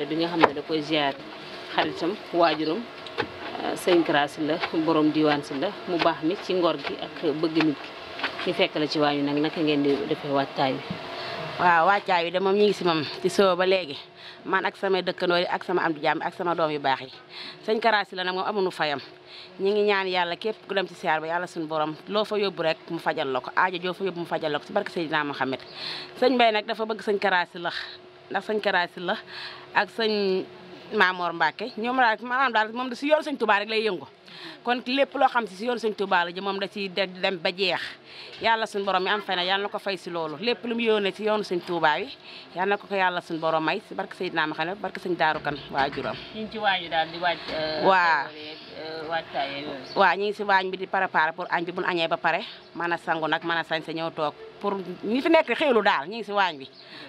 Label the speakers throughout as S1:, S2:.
S1: ziyaare bi nga xam ne da koy ziyaare xaritam waajuram euh, sëñ Kara la boroom diwaan si la mu baax mi ci ngoor gi ak bëgg nit ki fekk la ci waañu nag naka ngeen di defee waajtaay wi waaw waajtaay wi de moom ñu ngi si moom ci soo ba léegi man ak sama dëkkandoo yi ak sama am di jàmm ak sama doom yu baax yi sëñ Kara Sylla nag moom amuñu fayam ñu ngi ñaan yàlla képp ku dem ci siyaar ba yàlla suñ borom loo fa yóbbu rek mu fajal la ko aajo joo fa yóbbu mu fajal la ko si barke Seydina Muhammad sëñ ndax sëñ Karaasi la ak sëñ Maamoor Mbacke ñoom daal maanaam daal moom da si yoon sëñ Touba rek lay yëngu kon lépp loo xam si si yoon sëñ Touba la ji moom da si dem ba jeex yàlla suñu borom mi am fay na yàlla ko fay si loolu lépp lu mu yónnee yoonu suñ Touba yàlla ko ko yàlla suñu borom may barke Seydina Daaru Kan waajuram ñu ngi ci euh, euh, si waañ bi di préparer pour añ bi buñ añee ba pare mën a sangu nag mën a sañ sa ñëw toog pour ñi fi nekk xéwlu daal ñu ngi si waañ bi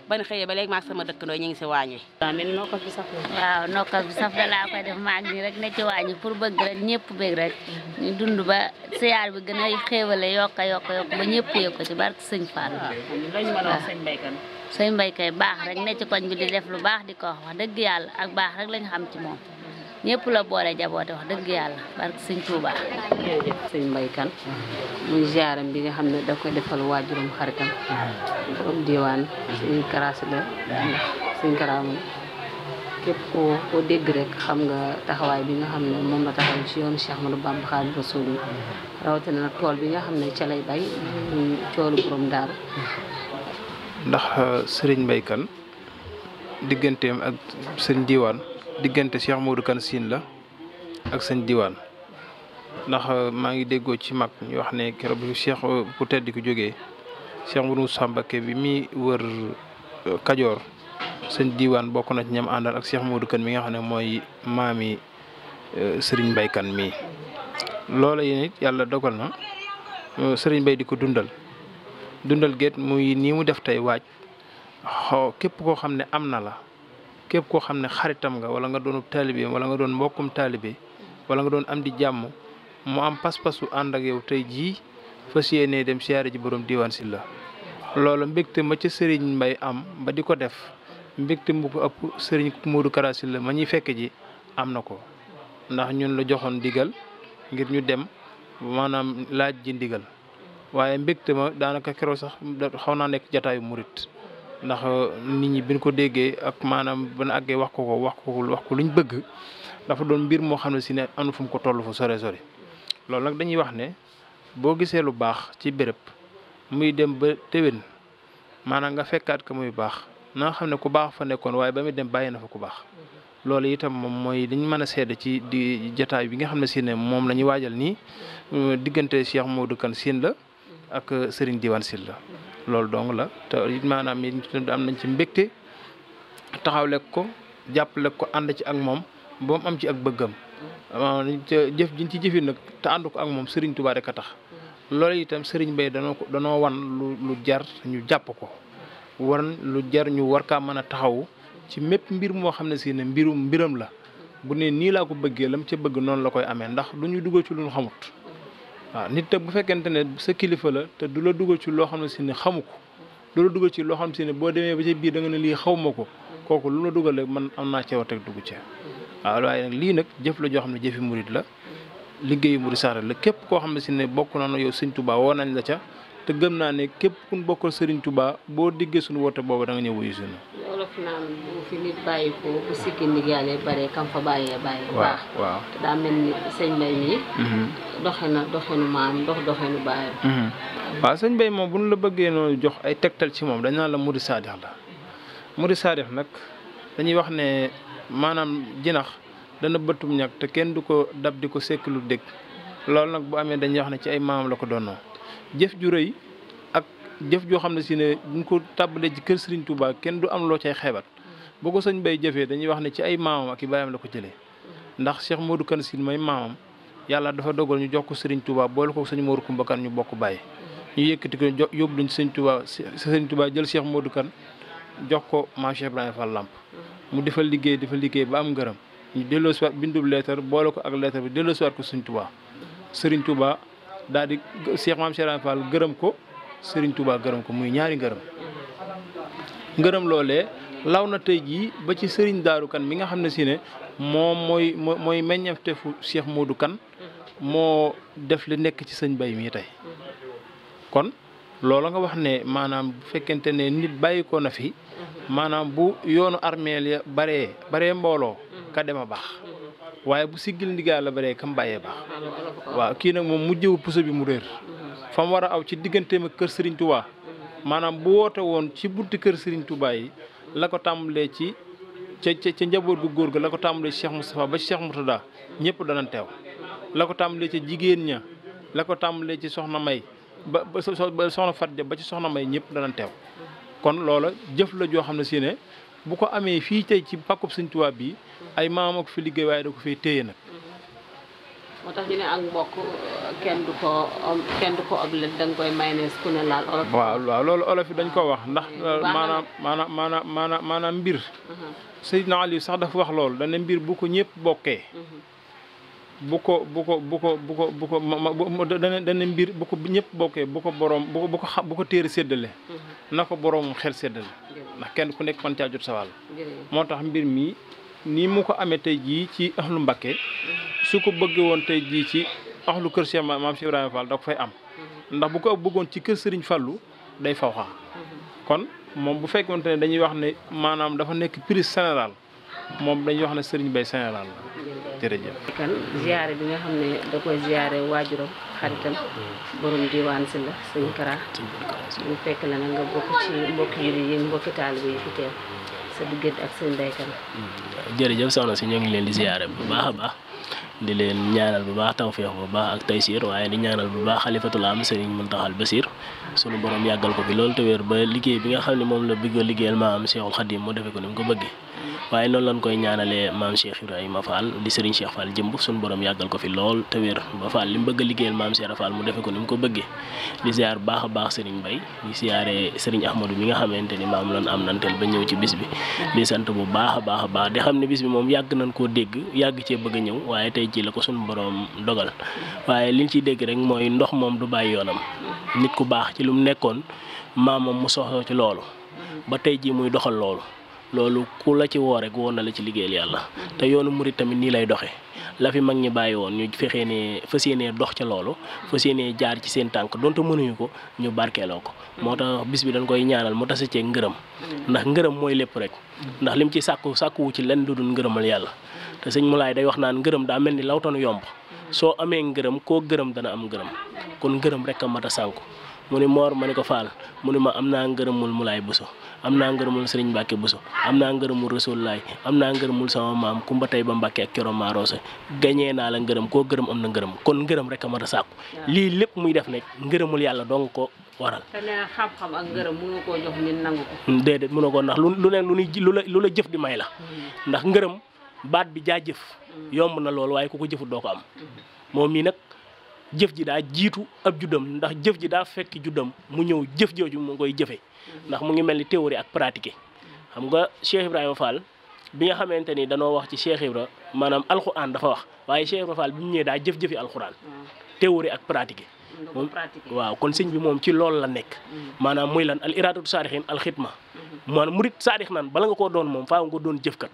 S1: ban xëyee ba léegi maag sama dëkkandoo ñu ngi si waañ bi waaw nokkas bi saf dalaa koy def maag ci waañ bi pour bëgg rek ñëpp bëgg rek mm-hmm. ñu dund ba siyaar bi gën a xéewale yokka yokka ba ñëpp yëg ko ci barke sëñ Fall. Ah, waaw sëñ Mbay ah, kay baax rek ne ci koñ bi di def lu baax di ko wax wax dëgg yàlla ak baax rek lañ xam ci moom ñëpp la boole jaboote wax dëgg yàlla barke sëñ Tuubaa. jërëjëf sëñ Mbay kan muy ziaram bi nga xam ne da koy defal waajuram xaritam ah. borom diwaan suñu karaas la suñu karaamam képp koo dégg rek xam nga taxawaay bi nga xam ne moom la taxaw ci yoonu Cheikh Ahmadou Bamba Xaadimu Rasuul tool bi nga xam ne ca lay bay ñu coolu borom daaru
S2: ndax euh, sëriñ Mbaye digganteem ak seen diwaan diggante Cheikh Modou Kane Sine la ak sëñ diwaan ndax euh, maa ngi déggoo ci mag ñu wax ne keroog bi Cheikh euh, bu tedd ku jógee Cheikh du Moussa Mbacké bi muy wër Kajoor sëñ diwaan bokk na ci ñam àndal ak Cheikh Modou Kane mi nga xam ne mooy maami euh, sëriñ Mbaye Kane mii. loola yi yàlla dogal na euh, sëriñ Mbaye di ko dundal dundal géet muy nii mu def tey waaj xaw képp koo xam ne am na la képp koo xam ne xaritam nga wala nga doonub taalibe wala nga doon mbokkum taalibe wala nga doon am di jàmm mu am pas-pasu ànd ak yow tey jii fas yéenee dem siyaare ji borom diiwaan si la. loolu mbégte ma ca sëriñ mbay am ba di ko def. mbégte mu ko ëpp sëriñ Modou Kara la ma ñuy fekk ji am na ko ndax ñun la joxoon digal ngir ñu dem maanaam laaj ji ndigal waaye mbégte ma daanaka keroog sax xaw naa nekk jataayu murit ndax euh, nit ñi biñ ko déggee ak maanaam ban àggee wax ko ko wax ko wax ko luñ bëgg dafa doon mbir moo xam ne si ne anu fum ko toll fu sore sore loolu nag dañuy wax ne boo gisee lu baax ci béréb muy dem ba téwén maanaam nga fekkaat ko muy baax na xam ne ku baax fa nekkoon waaye ba muy dem bàyyi na fa ku baax loolu itam moom mooy liñ mën a seede ci di jataay bi nga xam ne si moom la ñuy waajal nii euh, diggante Cheikh Modou Kane Sine la ak Serigne Diwane Sine la loolu dong la te maanaam it am nañ ci taxaw taxawle ko jàppale ko ànd ci ak moom ba am ci ak bëggam jëf jiñ ci jëfin nag te ànd ko ak moom Serigne Touba rek tax loolu itam Serigne Bay danoo ko danoo wan lu lu jar ñu jàpp ko war lu jar ñu war kaa mën a taxawu ci mépp mbir moo xam ne si ne mbirum mbiram la bu ne nii laa ko bëggee la lam ca bëgg noonu la koy amee ndax du ñu dugal ci lu ñu xamut waaw te bu fekkente ne sa kilifa la te du la dugg ci loo xam ne si ne xamu ko du la ci loo xam ne ne boo demee ba ci biir da nga ne lii xaw ma ko kooku lu la dugal man am naa cee war dugg ci waaw waaye nag lii nag jëf la joo xam ne jëfi murit la liggéeyu murit saare la képp koo xam ne si ne bokk na yow sëñ Tuubaa woo nañ la ca te gëm naa ne képp ku ñu bokkal Serigne Touba boo diggee suñu woote boobu danga nga ñëw wuyu
S3: suñu.
S1: olof naan bu fi nit bàyyi ko mel ni sëñ Mbaye mii. Mhm. doxe na doxenu maam dox doxenu bàyyi.
S3: Mhm.
S2: waaw sëñ Mbaye moom bu ñu la bëggee noonu jox ay tegtal ci moom dañ naan la Mouride Sadikh la Mouride Sadikh nag dañuy wax ne maanaam jinax dana bëttum ñàkk te kenn du ko dab di ko sekk lu dégg nag bu amee dañuy wax ne ci ay maam la ko doonoo. jëf ju rëy ak jëf joo xam ne si ne buñ ko tàbbalee ci kër Serigne Touba kenn du am loo cay xeebat boo ko sëñ bay jëfee dañuy wax ne ci ay maamam ak i baayam la ko jëlee ndax Cheikh Modou Kane Sine may maamam yàlla dafa dogal ñu jox ko Serigne Touba boole ko sëñ Mor Kumba ñu bokk bàyyi. ñu yëkkati ko yóbbu luñ sëñ Touba sëñ Touba jël Cheikh Modou Kane jox ko maam Cheikh Ibrahima mu defal liggéey defal liggéey ba am ngërëm ñu delloosiwaat bindub leetar boole ko ak leetar bi delloosiwaat ko sëñ Touba daal di Cheikh Maam Cheikh gërëm ko sëriñ Touba gërëm ko muy ñaari ngërëm ngërëm loole law na tey jii ba ci Serigne Darou Kane mi nga xam ne si ne moom mooy mooy meññeftefu Cheikh Modou Kane moo def li nekk ci sëñ bay mii tey kon loola nga wax ne maanaam bu fekkente ne nit bàyyi na fi maanaam bu yoonu armeel ya baree baree mbooloo ka dem a baax waaye bu siggil ndigaal la baree kam bàyyee baax waaw kii nag moom mujjewu puso bi mu réer fa mu war a aw ci digganteem ak kër Serigne Touba maanaam bu wootee woon ci bunti kër Serigne Touba yi la ko tàmbalee ci ca ca njaboot gu góor ga la ko tàmbalee Cheikh Moustapha ba Cheikh Murtada ñëpp dana teew la ko tàmbalee ca jigéen ña la ko tàmbalee ci soxna May ba ba soxna Fatou ba ci soxna May ñëpp dana teew kon loola jëf la joo xam ne si ne bu ko amee fii tey ci pàkkub Sëñ Tuubaa bi ay maam ak fi liggéey waaye da ko fee téye
S1: nag. moo tax ñu ne ak mbokk kenn du ko kenn du ko ak lëdd da ne laal
S2: olof. yi dañ ko wax ndax. maanaam maanaam maanaam maanaam maanaam mbir. Mhm. Seydina Aliou sax dafa wax loolu dana mbir bu ko ñépp bokkee. Mhm. bu ko bu ko bu ko bu ko bu ko ma dana dana mbir bu ko ñëpp bokkee bu ko borom bu ko bu xam bu ko téere séddale.
S3: Mm-hmm.
S2: na ko borom xel séddale. ndax kenn ku nekk man caa jot sa wàll. moo tax mbir mi nii mu ko amee tey jii ci ahlu Mbakke. Mm-hmm. su ko bëggee woon tey jii ci ahlu kër Cheikh maam Cheikh Ibrahima Fall ko fay am.
S3: Mm-hmm.
S2: ndax bu ko bëggoon ci kër Serigne falu day faw xaa kon moom bu fekkonte ne dañuy wax ne maanaam dafa nekk prise générale. moom dañuy wax na sëriñ bay général la jërëjëf
S1: kan ziare bi nga xam ne da koy ziare waajuram diwaan si la sëñ Kara ñu fekk la ak sëñ Mbaye
S4: Kane soxna si ñu ngi leen di ziare bu baax a baax di leen ñaanal bu baax tawféex bu baax ak taysiir waaye di ñaanal bu baax xalifatul am sëriñ Muntaxal Basiir sunu borom yàggal ko fi loolu te wér ba liggéey bi nga xam ne moom la bëgg a liggéeyal maa am Seexul Xadiim mu defe ko ni mu ko bëggee waaye noonu lañ koy ñaanalee maam Cheikh Ibrahima Fall di Serigne Cheikh Fall jëmb suñu boroom yàggal ko fi lool te wér ba Fall li bëgg a liggéeyal maam Cheikh Fall mu defe ko ni mu ko bëggee di ziar baax a baax Serigne Bay di ziare Serigne Ahmadou mi nga xamante ni maam lan am nantel ba ñëw ci bis bi di sant bu baax a baax a baax di xam ne bis bi moom yàgg nañ koo dégg yàgg cee bëgg a ñëw waaye tey ci la ko suñu borom dogal waaye liñ ciy dégg rek mooy ndox moom du bàyyi yoonam nit ku baax ci lu mu nekkoon maamam mu soxoo ci loolu ba tey jii muy doxal loolu loolu ku la ci woo rek woo na la ci liggéeyal yàlla te yoonu murit tamit nii lay doxee la fi mag ñi bàyyi woon ñu fexee ne fas yéenee dox ca loolu fas yéenee jaar ci seen tànk dont mënuñu ko ñu barkeeloo ko moo tax bis bi dañ koy ñaanal mu tase cee ngërëm ndax ngërëm mooy lépp rek ndax lim ci sàkku sàkkuwu ci lenn du dul ngërëmal yàlla te sëñ Mulaay day wax naan ngërëm daa mel ni lawtanu yomb soo amee ngërëm koo gërëm dana am ngërëm kon ngërëm rek a mat a sànku mu ni moor ma ne ko faal mu ni ma am naa ngërëmul Mulaay Buso am naa ngërëmul sëriñ Mbacke Bousso am naa ngërëmul Rasulaay am naa ngërëmul sama maam Kumba tey ba Mbacke ak Coro Maaroose gañee naa la ngërëm koo gërëm am na ngërëm kon ngërëm rek a mat a lii lépp muy def nag ngërëmul yàlla dong ko waral
S1: te nee xam-xam ak ngërëm mënoo koo jox nit nangu ko
S4: hmm, koo ndax lu lu ne lu nuy lu la lu jëf di may la hmm. ndax ngërëm baat bi jaa jëf hmm. yomb na loolu waaye ku ko jëfut doo ko am moom mii nag jëf ji daa jiitu ab juddam ndax jëf ji daa fekk juddam mu ñëw jëf jooju mu ngi koy jëfe ndax mu ngi mel ni théorie ak pratique xam nga Cheikh Ibrahima Fall bi nga xamante ni danoo wax ci Cheikh Ibra maanaam alxuraan dafa wax waaye Cheikh Ibrahima Fall bi mu ñëwee daa jëf-jëfi alxuraan théorie ak pratique moom waaw kon sëñ bi moom ci loolu la nekk mm-hmm. maanaam muy lan al iraadatu saarixin al maan mm-hmm. maanaam murit saarix naan bala nga koo doon moom faaw nga doon jëfkat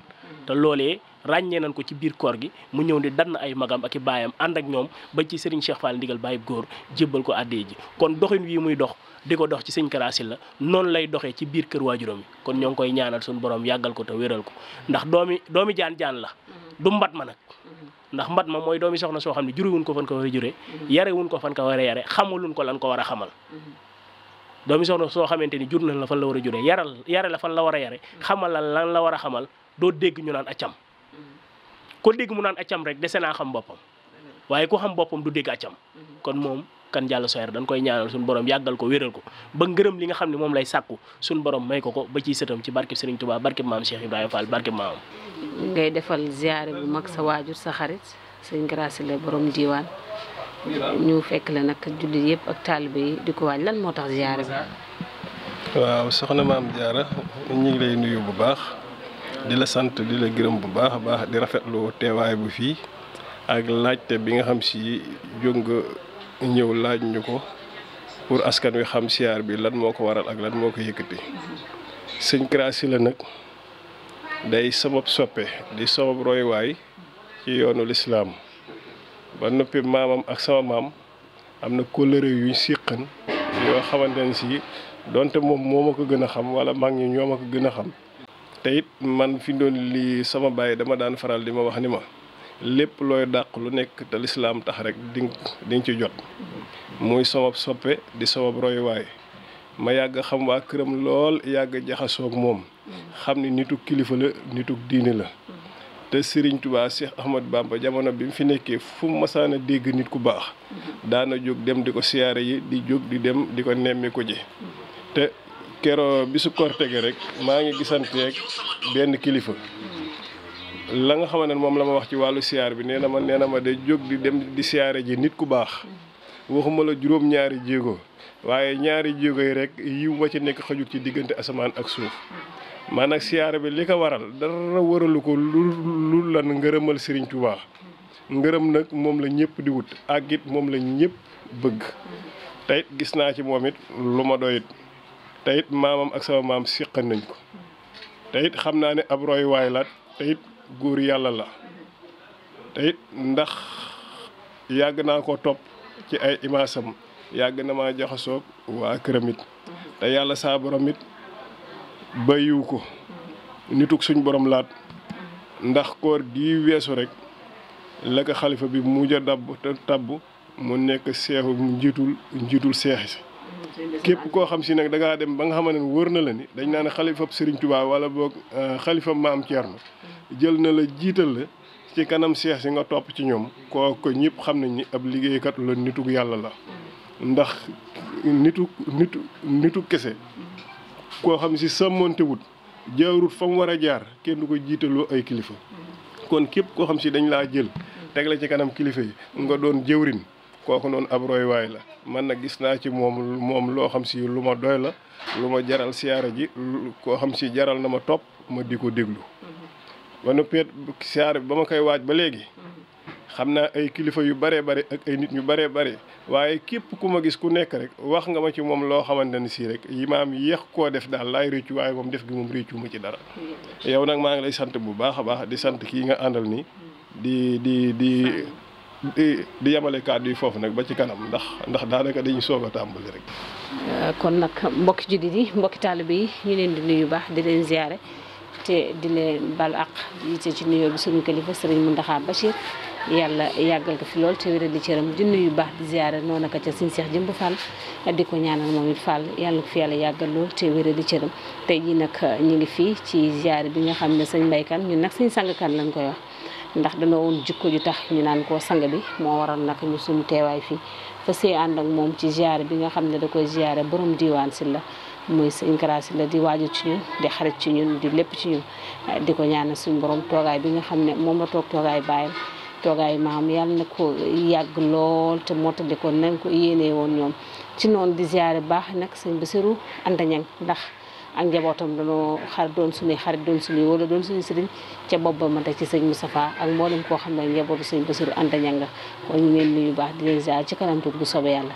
S4: te loolee ràññee nañ ko ci biir koor gi mu ñëw di dann ay magam ak i baayam ànd ak ñoom ba ci Serigne Cheikh Fall ndigal bàyyib góor jébbal ko àddee ji kon doxin wii muy dox di ko dox ci sëñ si la noonu lay doxee ci biir kër waajuram yi kon ñoo ngi koy ñaanal suñu borom yàggal ko te wéral ko ndax doomi doomi jaan jaan la du mbat ma nag ndax mbat ma mooy doomi soxna soo xam ne jurewuñ ko fan ko war jure yarewuñ ko fan ko war a xamaluñ ko lan ko war a xamal doomi soxna soo xamante ni jur na la fan la war a jure yaral yare la fan la war a yare xamal la lan la war a xamal doo dégg ñu naan acam ko dégg mu naan acam rek dese naa xam boppam waaye ku xam boppam du dégg acam kon moom kan jàll soyer dañ koy ñaanal suñu borom yàggal ko wéral ko ba ngërëm li nga xam ne moom lay sàkku suñu borom may ko ko ba ciy sëtam ci barkeb Serigne Touba barkeb maam Cheikh Ibrahima faal barkeb maam
S1: ngay defal ziare bu mag sa waajur sa xarit sëñ Grassi la borom diiwaan ñu fekk la nag jullit yëpp ak taalibe yi di ko waaj lan moo tax ziare bi.
S5: soxna maam Diarra bu baax. di la sant di la gërëm bu baax a baax di rafetlu teewaay bu fii ak laajte bi nga xam si jóg nga ñëw laaj ñu ko pour askan wi xam siyaar bi lan moo ko waral ak lan moo ko yëkkati sëñ Kara Sylla nag day sabab soppe di sabab roywaay ci yoonu lislaam ba noppi maamam ak sama maam am na kóllëre yuñ siqan yoo xamante ne si donte moom moo ma ko gën a xam wala mag ñi ñoo ma ko gën a xam te man fi doon lii sama baay dama daan faral di ma wax ni ma lépp looy dàq lu nekk te lislaam tax rek di di nga ci jot muy sama soppe di sama royuwaay ma yàgg xam waa këram lool yàgg jaxasoog moom xam ni nitu kilifa la nitu diine la te Serigne Touba Cheikh Ahmad ba jamono bi mu fi nekkee fu mu masaan a dégg nit ku baax daana jóg dem di ko siyaare yi di jóg di dem di ko nemmi ko ji te keroo bi su korte gi rek maa ngi gisanteeg benn kilifa la nga xamante ne moom la ma wax ci wàllu siyaar bi nee na ma nee na ma de jóg di dem di siyaare ji nit ku baax waxuma la juróom-ñaari jéego waaye ñaari jéego yi rek yiw ma ci nekk xajul ci diggante asamaan ak suuf maanaam siyaare bi li ko waral dara waralu ko lu lu lan ngërëmal Serigne Touba ngërëm nag moom la ñëpp di wut ak it moom la ñépp bëgg tey gis naa ci moom it lu ma doyit te maamam ak sama maam siqan nañ ko te xam naa ni ab roy waay la te it góor yàlla la te ndax yàgg naa ko topp ci ay imaasam yàgg na maa jaxasoog waa këram te yàlla saa borom it bayiw ko nitug suñ borom laat ndax koor gi weesu rek la xalifa bi mujj a dabb te tabb mu nekk seexu njiitul njiitul seexi képp koo xam si nag dangaa dem ba nga xam ne wóor na la ni dañ naan xalifab Serigne Touba wala boog euh, xalifa maam na jël na la jiital la ci kanam seex si nga topp ci ñoom koo ko ñëpp xam nañ ni ab liggéeykat la nitug yàlla la ndax nitu nitu nitu kese koo xam si sàmmoonte wut jaarut fa mu war a jaar kenn du ko jiitaloo ay kilifa kon képp koo xam si dañ laa jël teg la ci kanam kilifa yi nga doon jëwrin kooku noonu ab roy waay la man nag gis naa ci moom moom loo xam si lu ma doy la lu ma jaral siyaara ji koo xam si jaral na ma topp ma di ko déglu ba noppi siyaara bi ba ma koy waaj ba léegi xam naa ay kilifa yu bare bare ak ay nit ñu bare bare waaye képp ku ma gis ku nekk rek wax nga ma ci moom loo xamante ne sii rek yi maam yéex koo def daal laay réccu waaye moom def gi moom réccu ma ci dara
S3: hmm.
S5: yow nag maa ngi lay sant bu baax a baax di sant kii nga àndal nii di di yemale kàddu yi foofu nag ba ci kanam ndax ndax daanaka dañuy soog a tàmbali rek.
S3: Euh,
S1: kon nag mbokki jullit yi mbokki taalibe yi ñu leen di nuyu baax di leen ziare te di leen balu àq yitte ci nuyoo bi suñu kilifa sëriñ Mountakha Bachir yàlla yàggal ko fi lool te wéral di cëram di nuyu baax di ziare noonu ko ca suñu Seex Jëmb Fall di ko ñaanal moom it Fall yàlla ko fi yàlla te wéral di cëram tey jii nag ñu ngi fii ci ziare bi nga xam ne sëñ Mbaye Kane nag suñu sang lañ koy wax. ndax danoo woon jikko ju tax ñu naan koo sang bi moo waral nak ñu suñu teewaay fi fa see ànd ak moom ci ziare bi nga xam ne da koy ziare borom diwaan si la muy sëñ Kara Sylla di waaju ci ñun di xarit ci ñun di lépp ci di ko ñaanal suñu borom toogaay bi nga xam ne moom la toog toogaay bàyyam toogaay maam yàlla na ko yàgg lool te mottali ko nañ ko yéenee woon ñoom ci noonu di ziare baax nag sëñ Bassirou Anta Niang ndax ak njabootam dañoo xar doon suñuy xarit doon suñuy wala doon suñuy sëriñ ca bopp ba mate ci sëñ Moustapha ak mboolem koo xam ne njabootu sëñ Basiru Anta Ñanga kon ñu ngi leen nuyu baax di leen ziar ci kanam tuut bu soobee yàlla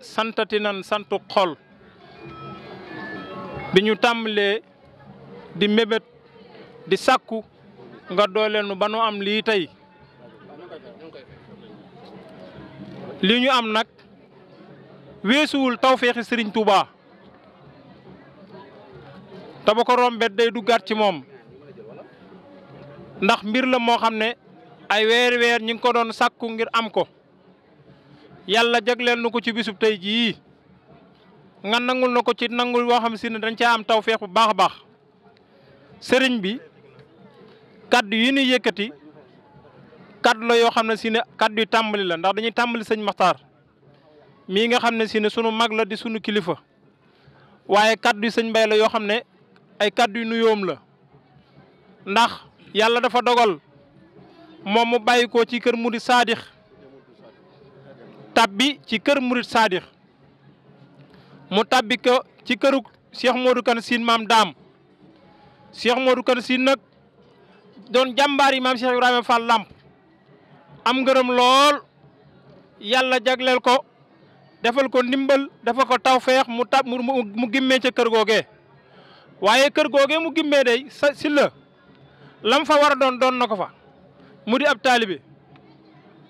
S2: santati nan santu xol bi ñu tàmbalee di mébét di sàkku nga doole nu ba nu am lii tey lii ñu am nag weesuwul tawféexi Sëriñ Tuubaa te ba ko rombet day du ci moom ndax mbir la moo xam ne ay weer weer ñi ngi ko doon sàkku ngir am ko yàlla jagleel na ko ci bisub tey jii nga nangul na ko ci nangul woo xam si ne dañ caa am taw feex bu baax a baax sëriñ bi kaddu yi ñuy yëkkati kaddu la yoo xam ne sine ne kaddu yu tàmbali la ndax dañuy tàmbali sëñ Maxtaar mii nga xam ne sine sunu mag la di sunu kilifa waaye kaddu yi sëñ Mbay la yoo xam ne ay kaddu yu nuyoom la ndax yàlla dafa dogal moom mu bàyyi ko ci kër mu di saadix tabbi ci kër Murid Saadix mu tabbi ko ci këru Cheikh Modou Kane Sine maam daam Cheikh Modou Kane Sine nag doon jàmbaar yi maam Cheikh Ibrahima Fall Lamp am ngërëm lool yàlla jagleel ko defal ko ndimbal defal ko tawfeex mu tab mu gimmee ca kër googee waaye kër googee mu gimmee day si la lam fa war doon doon na ko fa mu di ab taalibe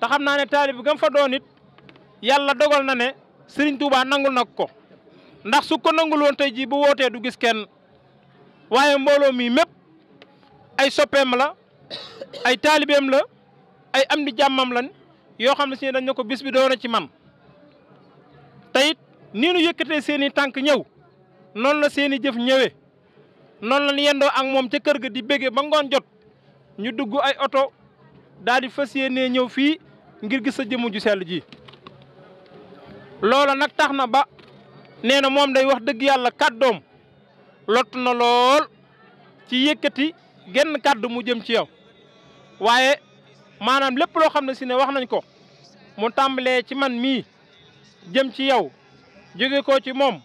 S2: te xam naa ne taalibe gam fa doon yàlla dogal na ne Serigne Touba nangul nag ko ndax su ko nangul woon tey jii bu wootee du gis kenn waaye mbooloo mi mépp ay soppeem la ay taalibeem la ay am di jàmmam lañ yoo xam ne si dañ ne ko bis bi doon na ci man te it nii nu yëkkatee seen tànk ñëw noon la seeni jëf ñëwee noonu la ñu yendoo ak moom ca kër ga di bége ba ngoon jot ñu dugg ay oto daal di fas yéenee ñëw fii ngir gis sa jëmu ju sell ji. loola nag tax na ba nee na moom day wax dëgg yàlla kàddoom lott na lool ci yëkkati genn kàddu mu jëm ci yow waaye maanaam lépp loo xam ne si ne wax nañ ko mu tàmbalee ci man mii jëm ci yow jóge ko ci moom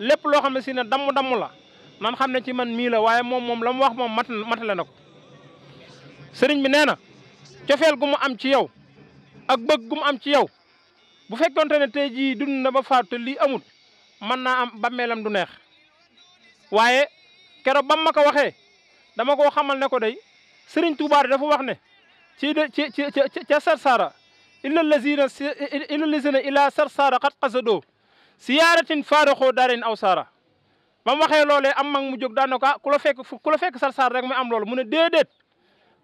S2: lépp loo xam ne si ne damm damm la nan xam ne ci man mii la waaye moom moom la mu wax moom mat matale na ko sëriñ bi nee na cofeel gu mu am ci yow ak bëgg gu mu am ci yow bu fekkonte ne tey jii dund na ba faatu lii amut man naa am bàmmeelam du neex waaye keroog bam ma ko waxee dama koo xamal ne ko day Sëriñ Tuubaa dafa wax ne ci ci ci ci ca Sarsara illa lazina illa lazina ila Sarsara xat qasado siyaaratin faaraxoo daarin aw saara ba mu waxee loolee am mag mu jóg daan na ko ah ku la fekk ku la fekk Sarsara rek mu am loolu mu ne déedéet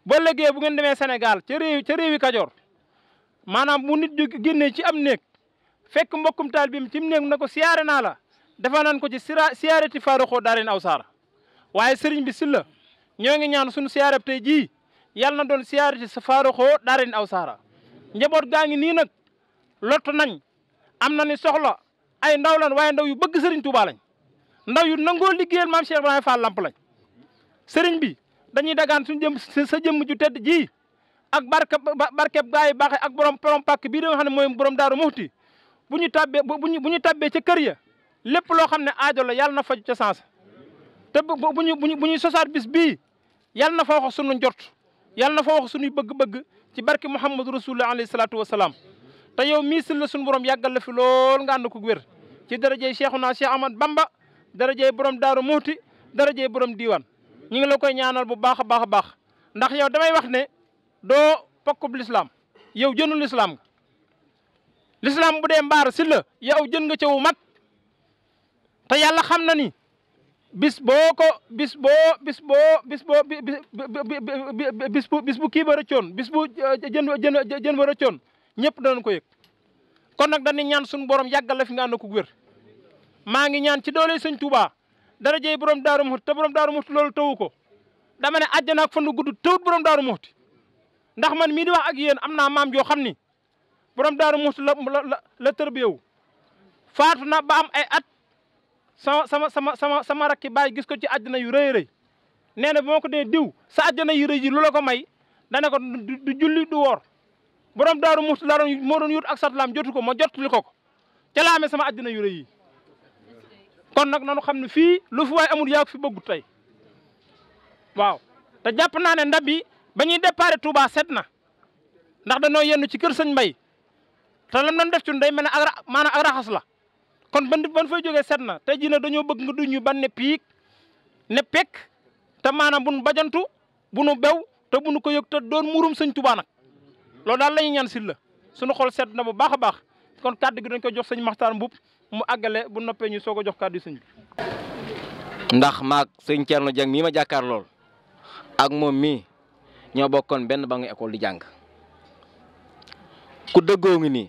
S2: ba léegi bu ngeen demee senegal ca réew ca réewi Kajoor maanaam bu nit génnee ci am néeg fekk mbokkum taal bi mu ci mu néeg na ko siyaare naa la dafa naan ko ci sira siyaareti faaroxoo daareen aw saara waaye sëriñ bi silla ñoo ngi ñaan suñu siyaareb tey jii yàlla na doon siyaareti sa faaroxoo daareen aw saara njaboot gaa ngi nii nag lottu nañ am na soxla ay ndaw lan waaye ndaw yu bëgg sëriñ Tuubaa lañ ndaw yu nangoo liggéeyal maam Cheikh Ibrahima Fall lamp lañ sëriñ bi dañuy dagaan suñu jëm sa jëmm ju tedd ji ak barke barkeb gaay baax ak borom borom pàkk bii da nga xam ne mooy borom daaru muxti bu ñu tàbbee bu ñu tàbbee ca kër ya lépp loo xam ne aajo la yàlla na faj ca sens te bu ñu bu ñuy sosaat bis bii yàlla na fa wax sunu njort yàlla na fa wax sunuy bëgg-bëgg ci barke Muhammadu Rasulullah alayhi salaatu wasalaam te yow mii sil la sunu borom yàggal la fi lool nga ànd ko wér ci daraje darajey naa Cheikh Ahmad Bamba darajey borom daaru muxti darajey borom diiwaan ñu ngi la koy ñaanal bu baax a baax a baax ndax yow damay wax ne doo pokkub lislaam yow jënu lislaam nga lislaam bu dee mbaar si la yow jën nga cawu mag te yàlla xam na ni bis boo ko bis boo bis boo bis boo bis bu bis bu kii ba rëccoon bis bu eh, eh, jën jën jën ba rëccoon ñëpp danañ ko yëg kon nag dañuy ñaan suñu borom yàggal la fi nga ànd ko wér maa ngi ñaan ci doole sëñ Touba dara jëye borom Daaru Muxti te borom Daaru Muxti loolu tawu ko dama ne àjjana ak fan gudd tawut borom Daaru Muxti ndax man mii di wax ak yéen am naa maam joo xam ni borom daaru musti la la la tërbiyewu faatu na baam ay at sama sama sama sama sama rakki baay gis ko ci àjjana yu rëy rëy nee na boo ko dee diw sa àjjana yu rëy ji ko may dane ko du julli du woor borom daaru musti la doon moo doon yut ak satlaam jotu ko ma jottali ko ko ca laa amee sama àjjana yu rëy yi kon nag nanu xam ne fii lu waay amul yaa ko fi bëggut waaw te jàpp naa ne ndab ba ñuy déparé Touba set na ndax danoo yenn ci kër sëñ Mbay te lam doon def ci day mel ne ak maanaam ak raxas la kon ban ban fay jógee set na tey jii nag dañoo bëgg nga duñ ñu ban ne piik ne pek te maanaam bu nu bajantu bu nu bew te bu ko yëg te doon murum sëñ Touba nag loolu daal lañuy ñuy ñaan si la suñu xol set na bu baax a baax kon kàddu gi dañ ko jox sëñ maxtaan Mbub mu àggale bu noppee ñu soog a jox kàddu sëñ
S6: bi. ndax maag sëñ Thierno Dieng mii ma jàkkaar lool ak moom mii ñoo bokkoon benn ba nga école di jàng ku dëggoo ngi nii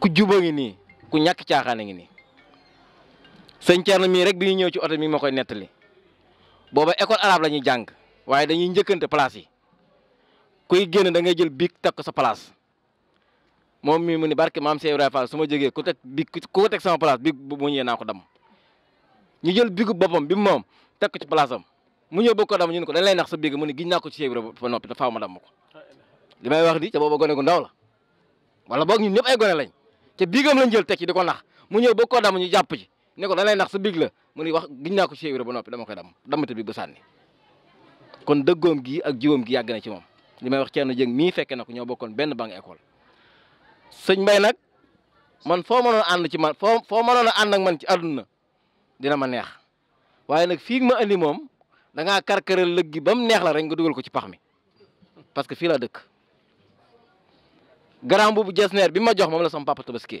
S6: ku juba ngi nii ku ñàkk caaxaane ngi nii sëñ Thierno mii rek bi ñu ñëw ci oto mi ma koy nettali booba école arabe la ñuy jàng waaye dañuy njëkkante place yi kuy génn da ngay jël bic teg sa place moom mii mu ni barke mam Cheikh Ibrahima Fall su ma jógee ku teg bic ku ko teg sama place bu mu naa ko dam ñu jël bicu boppam bi moom teg ko ci mu ñëw bëgg ko dam ñu ne ko dañ lay nax sa biig mu giñ naa ko ci Cheikh Ibra ba noppi te faaw ma dam ko li wax di ca booba gone gu ndaw la wala boog ñun ñëpp ay gone lañ te biigam lañ jël teg ci di ko nax mu ñëw bëgg ko dam ñu jàpp ci ne ko dañ lay nax sa biig la mu ne wax giñ naa ko ci Cheikh Ibra ba noppi dama koy dam damata biig ba sànni kon dëggoom gi ak jiwam gi yàgg na ci moom li may wax Thierno Dieng mii fekke na ko ñoo bokkon benn banque école sëñ mbay nag man foo mënoon ànd ci man foo foo mënoon a ànd ak man ci àdduna dina ma neex waaye nag fii ma andi moom da ngaa karkaral lëg gi ba mu neex la rek nga dugal ko ci pax mi parce que fii la dëkk grand boobu jesneer bi ma jox moom la sama papa tabaski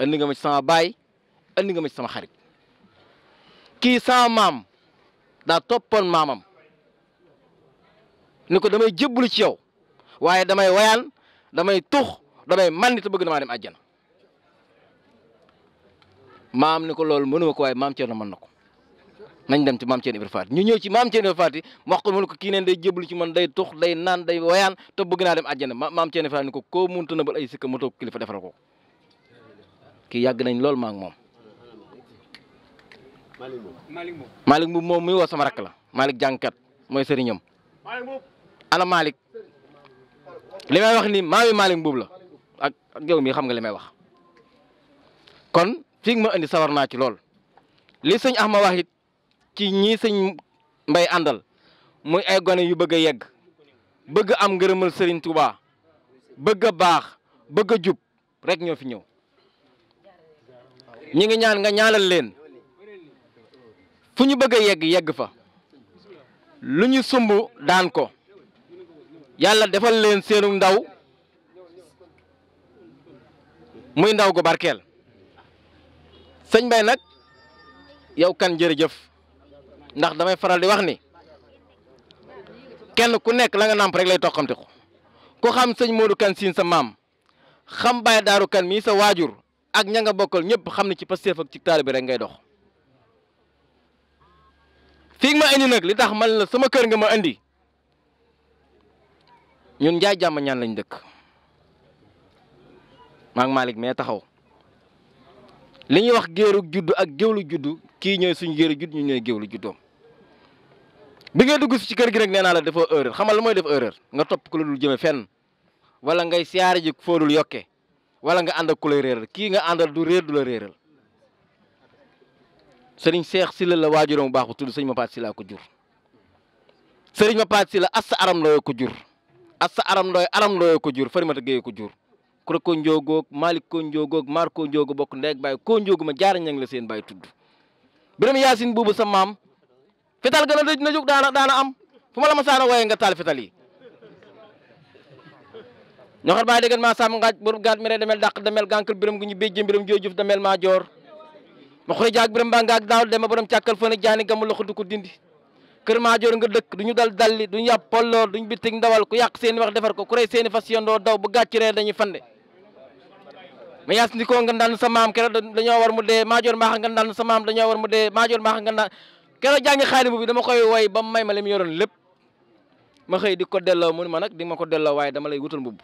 S6: andi nga ma ci sama baay andi nga ma ci sama xarit kii sama maam daa toppoon maamam ni ko damay jébbalu ci yow waaye damay wayaan damay tux damay màndi te bëgg na dem àjjana maam ni ko loolu mënuma ko waaye maam Thierno mën na ko nañ dem ci maam Thierno Ibrahima Faty ñu ñëw ci maam Thierno wax ko mu ko kii neen day jëblu ci man day tux day naan day wayaan te bëgg naa dem àjjana maam Thierno Ibrahima Faty ni ko koo munta ay sikka ma toog kilifa defal ko kii yàgg nañ lool maa ngi moom Malick Mbuub moom muy woo rakk la Malick jàngkat mooy sëriñam ana Malick li wax ni maa mi Malick Mbuub la ak ak yow mii xam nga li may wax kon fi ma indi sawar naa ci lool li sëñ Axma wax ci ñii sëñ mbay àndal muy ay gone yu bëgg a yegg bëgg am ngërëmal Serigne Touba bëgg a baax bëgg a jub rek ñoo fi ñëw ñi ngi ñaan nga ñaanal leen fu ñu bëgg a yegg yegg fa lu ñu sumb daan ko yàlla defal leen seenu ndaw muy ndaw gu barkeel sëñ Bay nag yow kan jërëjëf ndax damay faral di wax ni kenn ku nekk la nga nàmp rek lay toqamte ko ku xam sëñ Modou kan Sine sa maam xam Baye Darou Kane mii sa waajur ak ña nga bokkal ñëpp xam ne ci Pastef ak ci taalibe rek ngay dox. fii ma indi nag li tax man la sama kër nga ma indi ñun njaay jàmm ñaan lañ dëkk maa ngi Malick mais taxaw li ñuy wax géeru judd ak géwlu juddu kii ñëw suñ géeru judd ñu ñooy géwlu juddoom bi ngay dugg si ci kër gi rek nee naa la dafa erreur xamal la mooy def erreur nga topp ku la dul jëme fenn wala ngay siyaare ji foo dul yokke wala nga ànd ak ku lay réeral kii nga àndal du réer du la réeral sëriñ Seex Silla la waajuram bu baax bu tudd sëriñ Mapaat Silla ko jur sëriñ Mapaat Silla Assa Aram Ndoye ko jur Assa Aram Ndoye Aram Ndoye ko jur Farimata Géye ko jur kura ko njoogoog Malick ko njoogoog Mar ko njoogo bokk ndeeg bàyyi koo njoogu ma jaara ñang la seen bàyyi tudd Biram Yaasin boobu sa maam fital gën a na jóg daana daana am fu ma la ma saana wooye nga taal fital yi ñoxat baa déggan maa sàmm ngaaj bur gaat mere demel dàq demel gànkal biram gu ñu béjje mbiram joojuf demel maa joor ma xure jaag biram baa ngaag daaw dema borom càkkal fën a jaani gamu loxo du ko dindi kër maa joor nga dëkk duñu dal dalli duñu yàpp polloor duñu bitig ndawal ku yàq seeni wax defar ko ku rey fa fas yendoo daw bu gàcci reer dañuy fande ma yaas ndikoo nga ndànn sa maam dañoo war mu dee maa joor sa maam dañoo war mu dee maa joor keroog jàngi xaali bu bi dama koy woy ba may ma li mu yoroon lépp ma xëy di ko delloo mu ma nag di ma ko delloo waaye dama lay wutal mbubb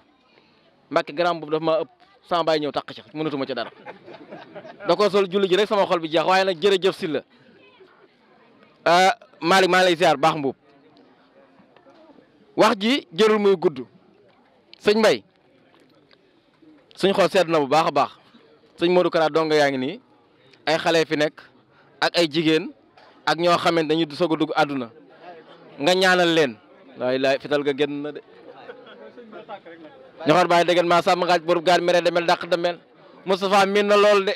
S6: mbàkk grand mbubb dafa maa ëpp sama baay ñëw taq ci mënatuma ci dara da ko sol julli ji rek sama xol bi jeex waaye nag jërëjëf si la ah, Malick maa lay baax mbubb wax ji jërul muy gudd sëñ Mbay suñ xol sedd na bu baax a baax sëñ Modou Kara dong yaa ngi nii ay xale fi nekk ak ay jigéen ak ñoo xamante dañu soog a dugg àdduna nga ñaanal leen waaye laay fital ga génn na de ñoxor bàyyi déggan maa sàmm ngaaj borom gaar mere demel dàq demel Moustapha miin na lool de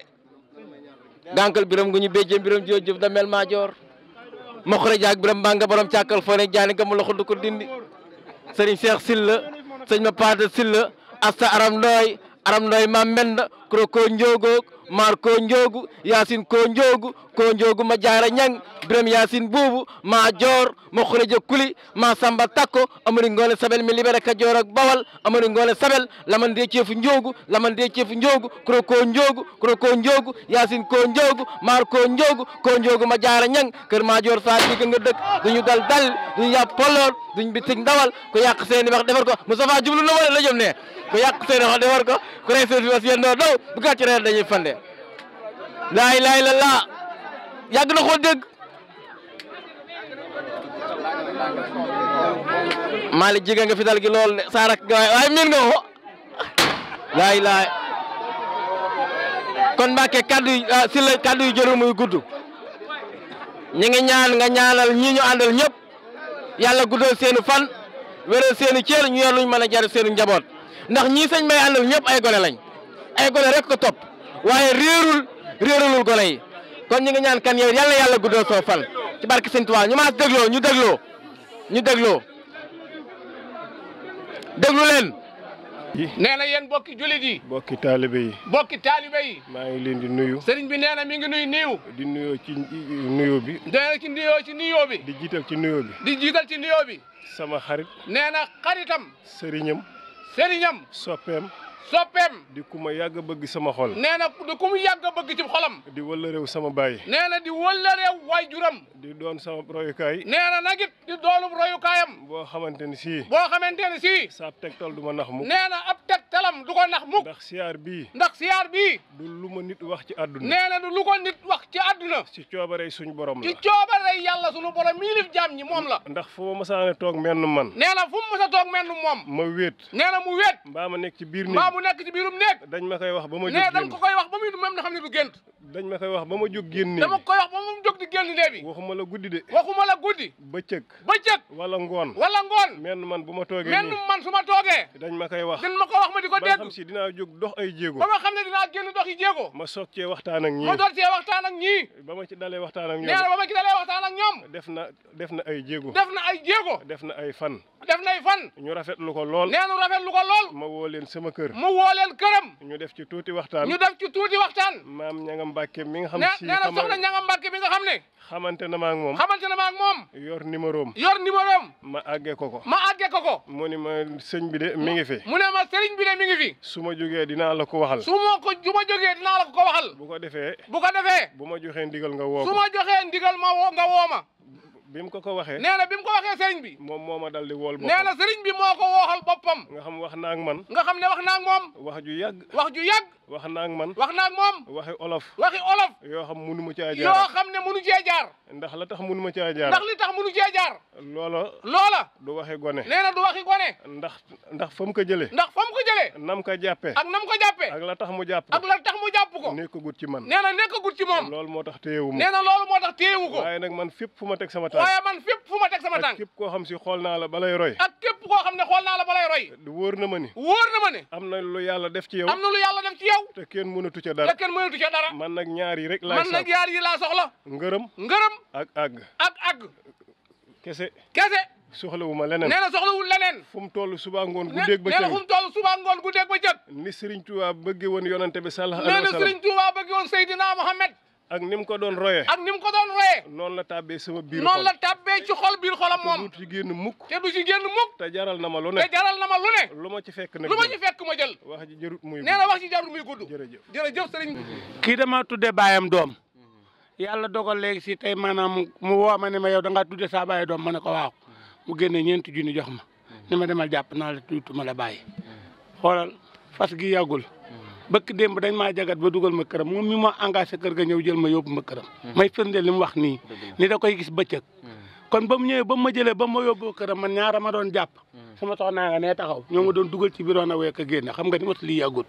S6: gànkal biram gu ñu béjjee biram joo jëf demel maa joor moxore jaag biram mbaa nga borom càkkal foo ne loxo du dindi sëriñ Cheikh Silla sëñ ma paata Silla asta aram ndooy aram ndooy ma mbend kurokoo njoogoo maar ko njoogu yaasin ko njoogu ko njoogu ma jaara ñang biram yaasin buubu ma joor ma xureja kuli ma samba takko amari ngoone sabel mi libéré kajoor ak bawal amari ngoone sabel laman dee ceefu njoogu laman dee ceefu njoogu kuro ko njoogu kuro ko njoogu yaasin ko njoogu maar ko njoogu ko njoogu ma jaara ñang kër ma joor saa jiga nga dëkk duñu dal dal duñu yàpp polloor duñ bitig ndawal ko yàq seeni wax defar ko Moustapha jublu na wala seeni wax defar ko ko rey seen fi was dañuy fande laa lay illallaah yàgg na koo dégg Malick jigéen nga fi dal gi lool de saa rakk waaye miin nga ko laa ilaaha kon Mbàkke kaddu yi ah, si la kaddu yu jëru muy gudd ñi ngi ñaan nga ñaanal ñi ñu àndal ñëpp yàlla seeni fan wéral seeni cër ñu yor luñ mën a jar seeni njaboot ndax ñii sëñ may àndal ñëpp ay gone lañ ay gone rek ko topp waaye réerul réeralul gone yi kon ñu ngi ñaan kan yow yal na yàlla guddal soo fan ci barke Sëñ Tuubaa ñu maas dégloo ñu dégloo ñu dégloo
S5: déglu na yéen bokki jullit yi. bokki taalibe yi. bokki taalibe maa ngi leen di nuyu. sëriñ bi nee na mi ngi nuyu niiw. di nuyoo ci nuyoo bi. nee ci nuyoo bi. di jiital ci nuyoo bi. di jiital ci nuyoo bi. sama xarit. nee na xaritam. sëriñam. sëriñam. soppeem. soppeem di ku ma yàgg bëgg sama xol nee na di ku mu bëgg ci xolam di walla réew sama baay nee
S7: na di walla réew waay juram
S5: di doon sama royukaay nee na nagit di doolub royukaayam boo xamante ne sii boo xamante ne sii saab tegtal du ma nax mukk nee na ab tegtalam du ko nax mukk ndax siyaar bii ndax siyaar bii du lu ma nit wax ci àdduna nee na du lu ko nit wax ci àdduna ci coobarey suñu borom la ci coobarey yàlla suñu borom mii lif jaam ñi moom la ndax fu ma mësaane toog menn man nee
S7: na fu moom
S5: ma wéet mu wéet mbaa ma nekk ci biir néeg bu nekk ci biirum néeg dañ ma koy wax ba ma jóg dañ ko koy wax ba xam ne du dañ ma koy wax ba ma jóg génn dama koy wax ba mu jóg di génn nee bi waxuma la guddi de waxuma la guddi bëccëg bëccëg walla ngoon wala ngoon menn man bu ma toogee menn
S7: man su ma toogee
S5: dañ ma koy wax dañ ma di ko dégg ba si dinaa jóg dox ay jéego ma xam ne dinaa génn dox yi jéego ma soog cee waxtaan ak ñii ma doog cee waxtaan ak ba ma ci dalee waxtaan ak ñoom def na def na ay jéego def na ay jéego def na ay fan def na ay fan ñu rafetlu ko lool nee nu rafetlu ko lool leen sama kër mu woo leen këram. ñu def ci tuuti waxtaan. ñu def
S7: ci tuuti waxtaan.
S5: maam ñanga Mbàkke mi nga xam. si nee na soxna ñanga Mbàkke mi nga xam ne. xamante na ma ak moom. xamante na ma ak moom. yor numéro am. yor numéro am. ma àggee ko ko. ma àggee ko ko. mu ne ma sëñ bi de mi ngi fi. mu ne ma sëriñ bi de mi ngi fi. su ma jógee dinaa la ko waxal. su
S7: ma ko su ma jógee dinaa la ko waxal.
S5: bu ko defee. bu ko defee. bu ma joxee ndigal nga woo ko. su ma
S7: joxee ndigal ma woo nga woo ma.
S5: bi mu ko ko waxee nee na bi ko waxee sëriñ bi moom moo ma dal wool boppam nee na
S7: bi moo ko wooxal boppam
S5: nga xam wax naa man nga xam ne wax naa ak moom wax ju yàgg wax ju yàgg wax naa man wax naa ak moom waxi olof waxi olof yoo xam munu ma caa jaar yoo xam ne munu cee jaar ndax la tax munu ma caa jaar ndax li tax munu cee jaar loola loola du waxi gone nee na
S7: du waxi gone ndax
S5: ndax fa mu ko jëlee ndax fa mu ko jëlee nam ko jàppee ak nam ko jàppee ak la tax mu jàpp ak
S7: la tax mu jàpp ko
S5: nekkagut ci man nee na nekkagut ci moom loolu moo tax téyewu ma nee na loolu moo tax ma waaye man fépp fu ma teg sama tànk. ak képp koo xam si xool naa la balay roy. ak képp koo xam ne xool naa la balay roy. wóor na ma ni. wóor na ma ne. am na lu yàlla def ci yow. am na lu yàlla def ci yow. te kenn mënatu ca dara. te kenn mënatu ca dara. man nag ñaar yi rek laay soxla man nag ñaar yi laa soxla. ngërëm. ngërëm. ak àgg. ak àgg. kese. kese. soxlawu ma leneen nee na soxlawul leneen fu mu toll suba ngoon guddeeg ba cëg nee na fu mu toll suba ngoon guddeeg ba cëg ni Serigne Touba bëgge woon yonante bi sallallahu alayhi wa sallam nee na Serigne
S7: Touba bëgge woon Seydina Mohamed
S5: ak ni ko doon royee. ak ko doon royee. noonu la tàbbee sama biir xol noonu la tàbbee ci xol biir xolam moom. te du ci génn mukk. te du ci génn mukk. te jaral na ma lu ne. na ma lu ma ci fekk nag lu ma ci fekk ma jël. wax ji jarut muy gudd nee na wax
S7: ji jarut muy
S8: kii dama tuddee baayam doom. yàlla dogal léegi si tey maanaam mu woo ma ne ma yow da ngaa tuddee saa bàyyi doom ma ne ko waaw mu génne ñeenti junni jox ma ni ma demal jàpp naa la tuuti ma la bàyyi xoolal fas gi yàggul bëkk démb dañ maa jagat ba dugal ma këram moom mi ma engagé kër ga ñëw jël ma yob ma këram may firndeel li mu wax nii ni da koy gis bëccëg kon ba mu ñëwee ba mu ma jëlee ba ma yóbbu këram man ñaara ma doon jàpp ma soxnaa nga nee taxaw ñoo ma doon dugal ci biroon a week a génne xam nga ni wat lii yàggut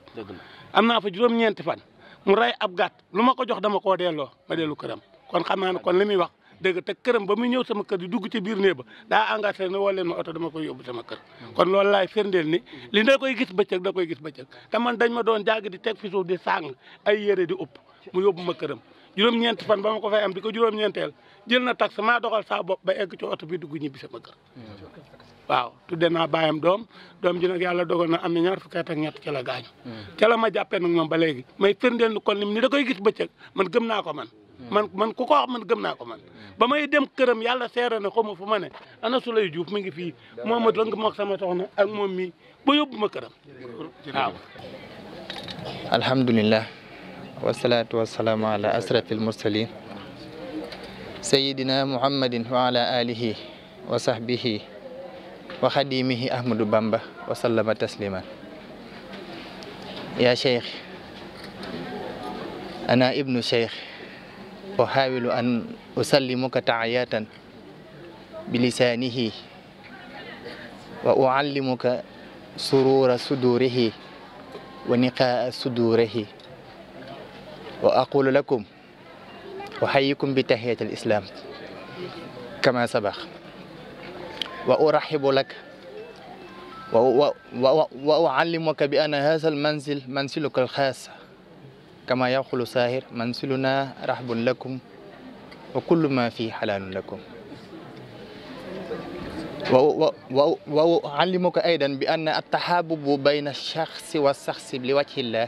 S8: am naa fa juróom-ñeenti fan mu rey ab gàtt lu ma ko jox dama koo delloo ma dellu këram kon xam naa ne kon li muy wax dëgg te këram ba muy ñëw sama kër di dugg ci biir néeg ba daa engagé ne woo leen ma oto dama koy yóbbu sama kër kon loolu laay firndeel ni li da koy gis bëccëg da koy gis bëccëg te man dañ ma doon jàgg teg fi suuf di sàng ay yére di upp mu ma këram juróom-ñeent fan ba ma ko fay am di ko juróom jël na tax maa doxal saa bopp ba egg oto bi dugg ñibbi sama kër waaw tudde naa bàyyam doom doom ji nag yàlla dogal na am na ñaar fukki at ak la gaañu hmm. ca ma jàppee nag moom ba léegi may firndeel ni kon ni da koy gis bëccëg man gëm naa ko man Mm. man man ku ko wax man gëm naa ko man mm. ba may dem këram yàlla seere na xaw ma fu ma ne ana Souleye Diouf mi ngi fii mooma dong mook sama soxna ak moom mi ba yóbbu ma këram waaw
S9: alhamdulilah wasalaatu wasalaamu ala asrafil mursalin sayidina muhammadin wa ala alihi wa sahbihi wa xadimihi ahmadou bamba wa sallama tasliman ya cheikh ana ibnu cheikh أحاول أن أسلمك تعياتا بلسانه وأعلمك سرور صدوره ونقاء صدوره وأقول لكم أحييكم بتحية الإسلام كما سبق وأرحب لك وأعلمك بأن هذا المنزل منزلك الخاص kama yaqulu saahir mansiluna rahbun lakum wa kullu ma fi halalun lakum وأعلمك أيضا بأن التحابب بين الشخص والشخص لوجه الله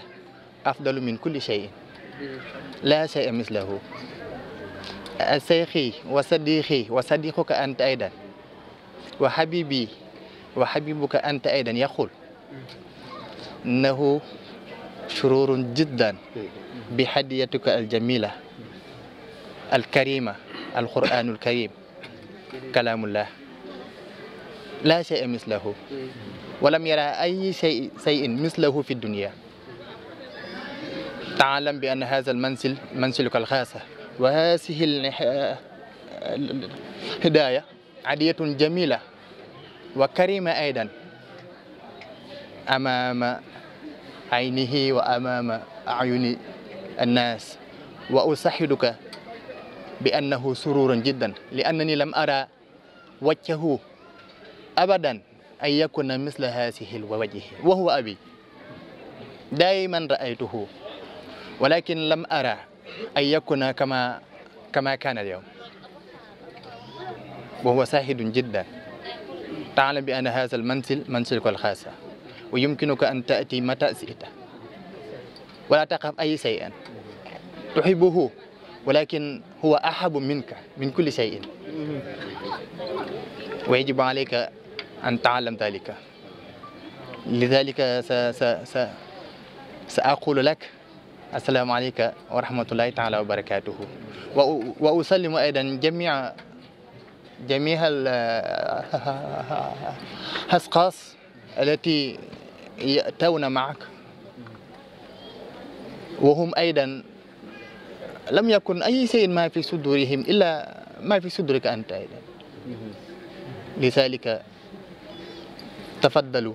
S9: أفضل من كل شيء لا شيء مثله شيخي وصديقي وصديقك أنت أيضا وحبيبي وحبيبك أنت أيضا يقول إنه شرور جدا بهديتك الجميلة الكريمة القرآن الكريم كلام الله لا شيء مثله ولم يرى أي شيء, شيء مثله في الدنيا تعلم بأن هذا المنزل منزلك الخاصة وهذه الهداية عادية جميلة وكريمة أيضا أمام aynihi wa amama ayuni annaas wa usahiduka bi annahu sururun jiddan li annani lam ara wajhahu abadan an yakuna misla haasihi lwajhi wa huwa abi daiman ra'aytuhu walakin lam ara an yakuna kama kama kana alyawm wa huwa sahidun jiddan taalam bi anna haza almansil mansilko alxaasa wa yumkinuka an taati mata si'ta wala taxaf ay shay'an tuhibuhu walakin huwa ahabu minka min kulli shay'in wa yajibu alayka an taalam dalika lidalika sa sa sa sa aqulu lak assalaamu alayka wa rahmatullahi taala wa barakatuhu wa usallimu aydan jamia jamia al asqaas التي يأتون معك وهم أيضا لم يكن أي شيء ما في صدورهم إلا ما في صدرك أنت أيضا لذلك تفضلوا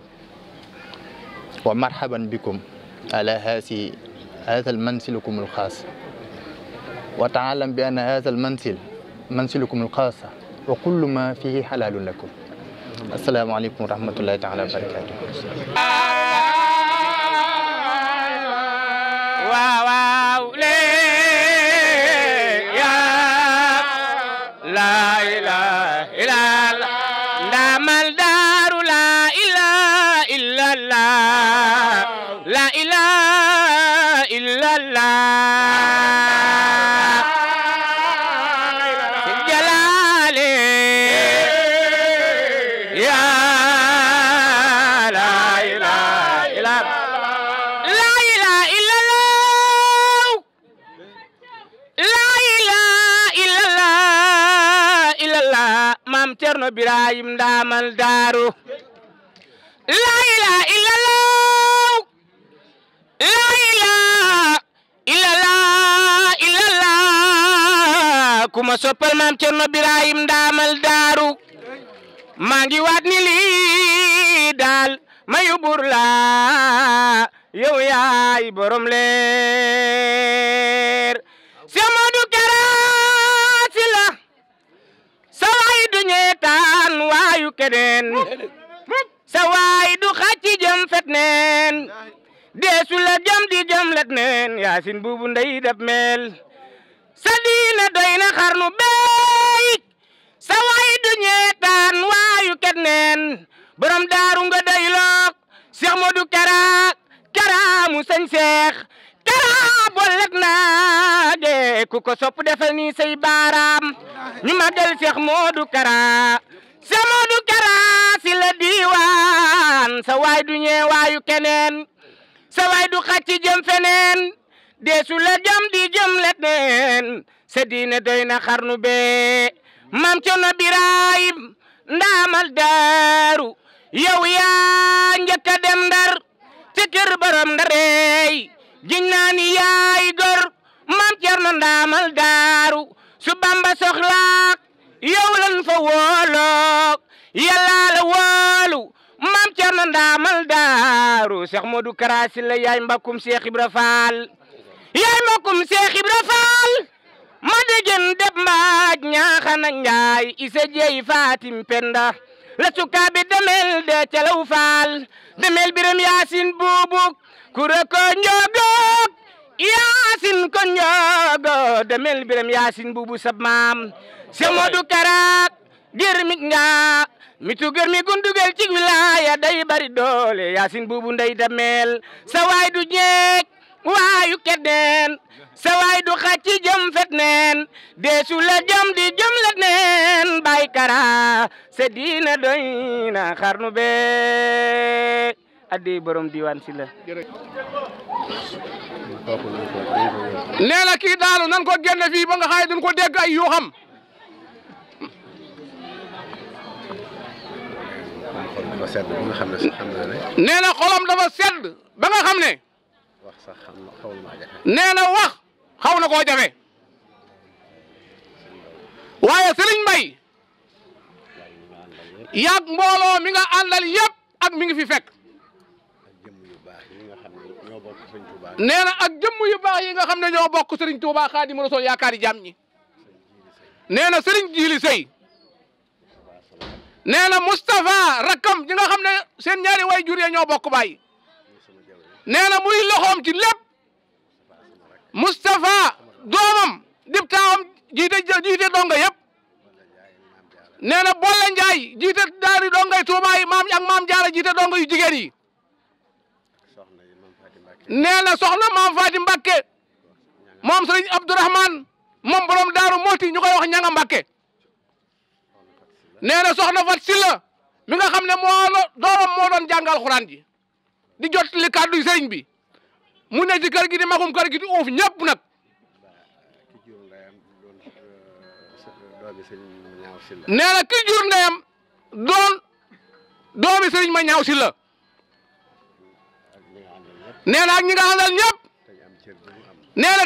S9: ومرحبا بكم على هذه هذا المنزلكم الخاص وتعلم بأن هذا المنزل منزلكم الخاص وكل ما فيه حلال لكم asalaamaaleykum wa rahmatullahi taala wa barakaatu
S10: waaw waaw lee yaa laa ilaa ceerno birahim ndaamal daaru laa ilaha illallah laa ilaha soppal maam ceerno birahim ndaamal daaru maa waat ni lii daal mayu bur laa yow yaay borom leer neen sa waay du xàcc jëm fet neen deesu la jëm di jëm let neen yaasin buubu ndey dab meel sa diina doy na xarnu béy sa waay du ñeetaan waayu ket neen borom daaru nga doy loog Cheikh Modou Kara mu sëñ Cheikh Kara bollet naa de ku ko sopp defal nii say baaraam ñu magal Cheikh Modou Kara Samadou Kara si la diiwaan sa waay du ñee waayu keneen sa waay du xacc jëm feneen deesu la jëm di jëm leneen sa diine doy na xarnu bee maam Cerno Birahim ndaamal daaru yow yaa njëkk ndar ci kër borom ndarey giñ naa ni yaay gor maam Cerno daaru su Bamba soxlaak yow lan fa wooloog yàllaa la woolu maam Cerno ndaamal daaru Cheikh Modou Kara Sylla yaay mbakkum Cheikh Ibra Fall yaay mbakkum Cheikh Ibra Fall ma degen deb mbaaj ñaaxana njaay isa jeey Fatim Penda la sukaabe demel de calaw Fall demel biram yaasin buubuk kura ko njogook yaasin kon njoogo demel biram yaasin buubu sab maam se moodu nga mi tu gërmi gundugal cig wilaaya day bari doole yaasin buubu ndey damel sa waay du ñeek waayu kedneen sa waay du xacci jëm fet neen deesu la jëm di jëm la neen bay kara se diina doy na bee addey borom diwaan si la
S7: nee na kii daalu nan ko génne fii ba nga xaye duñ ko dégg ay yoo xam nee na xolam dafa sedd ba nga xam ne nee na wax xaw na koo jafe waaye Serigne may yàgg mbooloo mi nga àndal yëpp ak mi ngi fi fekk nee na ak jëmm yu baax yi nga xam ne ñoo bokk Serigne Touba Xaadimu Rasuul yaakaari jaam ñi nee na Serigne Jili Sey nee na Moustapha rakkam ñi nga xam ne seen ñaari way jur ya ñoo bokk baay nee na muy loxoom ci lépp Moustapha doomam dib taawam jiite jiite donga yëpp nee na Bolle Njaay jiite daari dongay yi maam ak maam Jaara jiite donga yu jigéen yi nee na soxna maam Faati Mbakke moom sëriñ Abdourahman moom borom daaru Moti ñu koy wax Mbakke nee na soxna Fat Silla mi nga xam ne moo doorom moo doon jàngal xuraan ji di jot li sëriñ bi mu ne ci kër gi di magum kër gi di uuf ñëpp nag. nee na ki jur ndeyam doon doomi sëriñ ma ñaaw si nee na ak ñi nga àndal ñëpp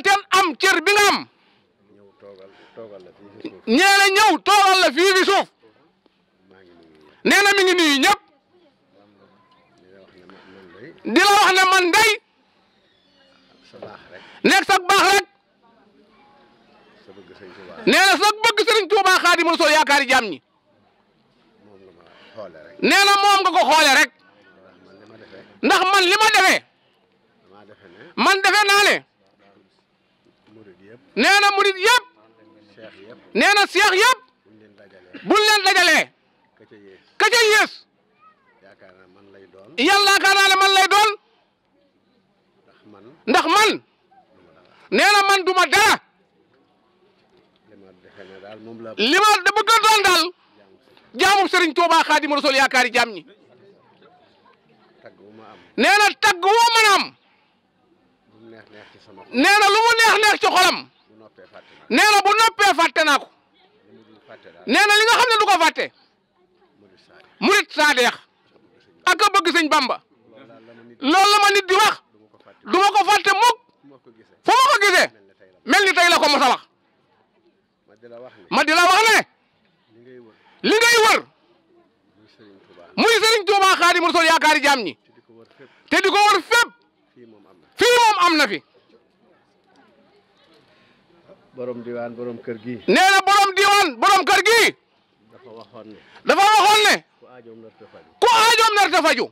S7: ten am cër bi nga am nee na toogal la fii fi suuf nee na mi ngi nuyu ñëpp
S11: di la wax ne man day nekk sa baax rek nee na
S7: sa bëgg Sëriñ Tuubaa Xaadimu Rasuul yaakaari jaam ñi nee na moom nga ko xoole rek ndax man li ma man defe naa ne nee na murit yëpp nee na seex yëpp buñ leen dajalee ka ca yées yàlla yaakaar naa ne man lay doon ndax man nee na man duma dara li ma da bëgg a doon daal jaamu Serigne Touba Xaadimu Rasuul yaakaari jaam ñi nee na tagg woo mën a am
S11: nee na lu mu neex neex ci xolam
S7: nee na bu noppee fàtte naa ko nee na li nga xam ne du ko fàtte murit saadeex ak a bëgg sëñ bamba loolu la ma nit di wax du ma ko fàtte mukk fu ma ko gisee mel ni tey la ko masa wax ma di la wax ne li ngay wër muy sëriñ Tuubaa Xaadimu Rasuul yaakaari jaam ñi te di wër fépp fii
S11: moom am na fi. borom diwaan borom kër gi.
S7: nee borom diwaan borom kër gi.
S11: dafa waxoon ne. dafa waxoon ne. aajoom
S7: nar te faju.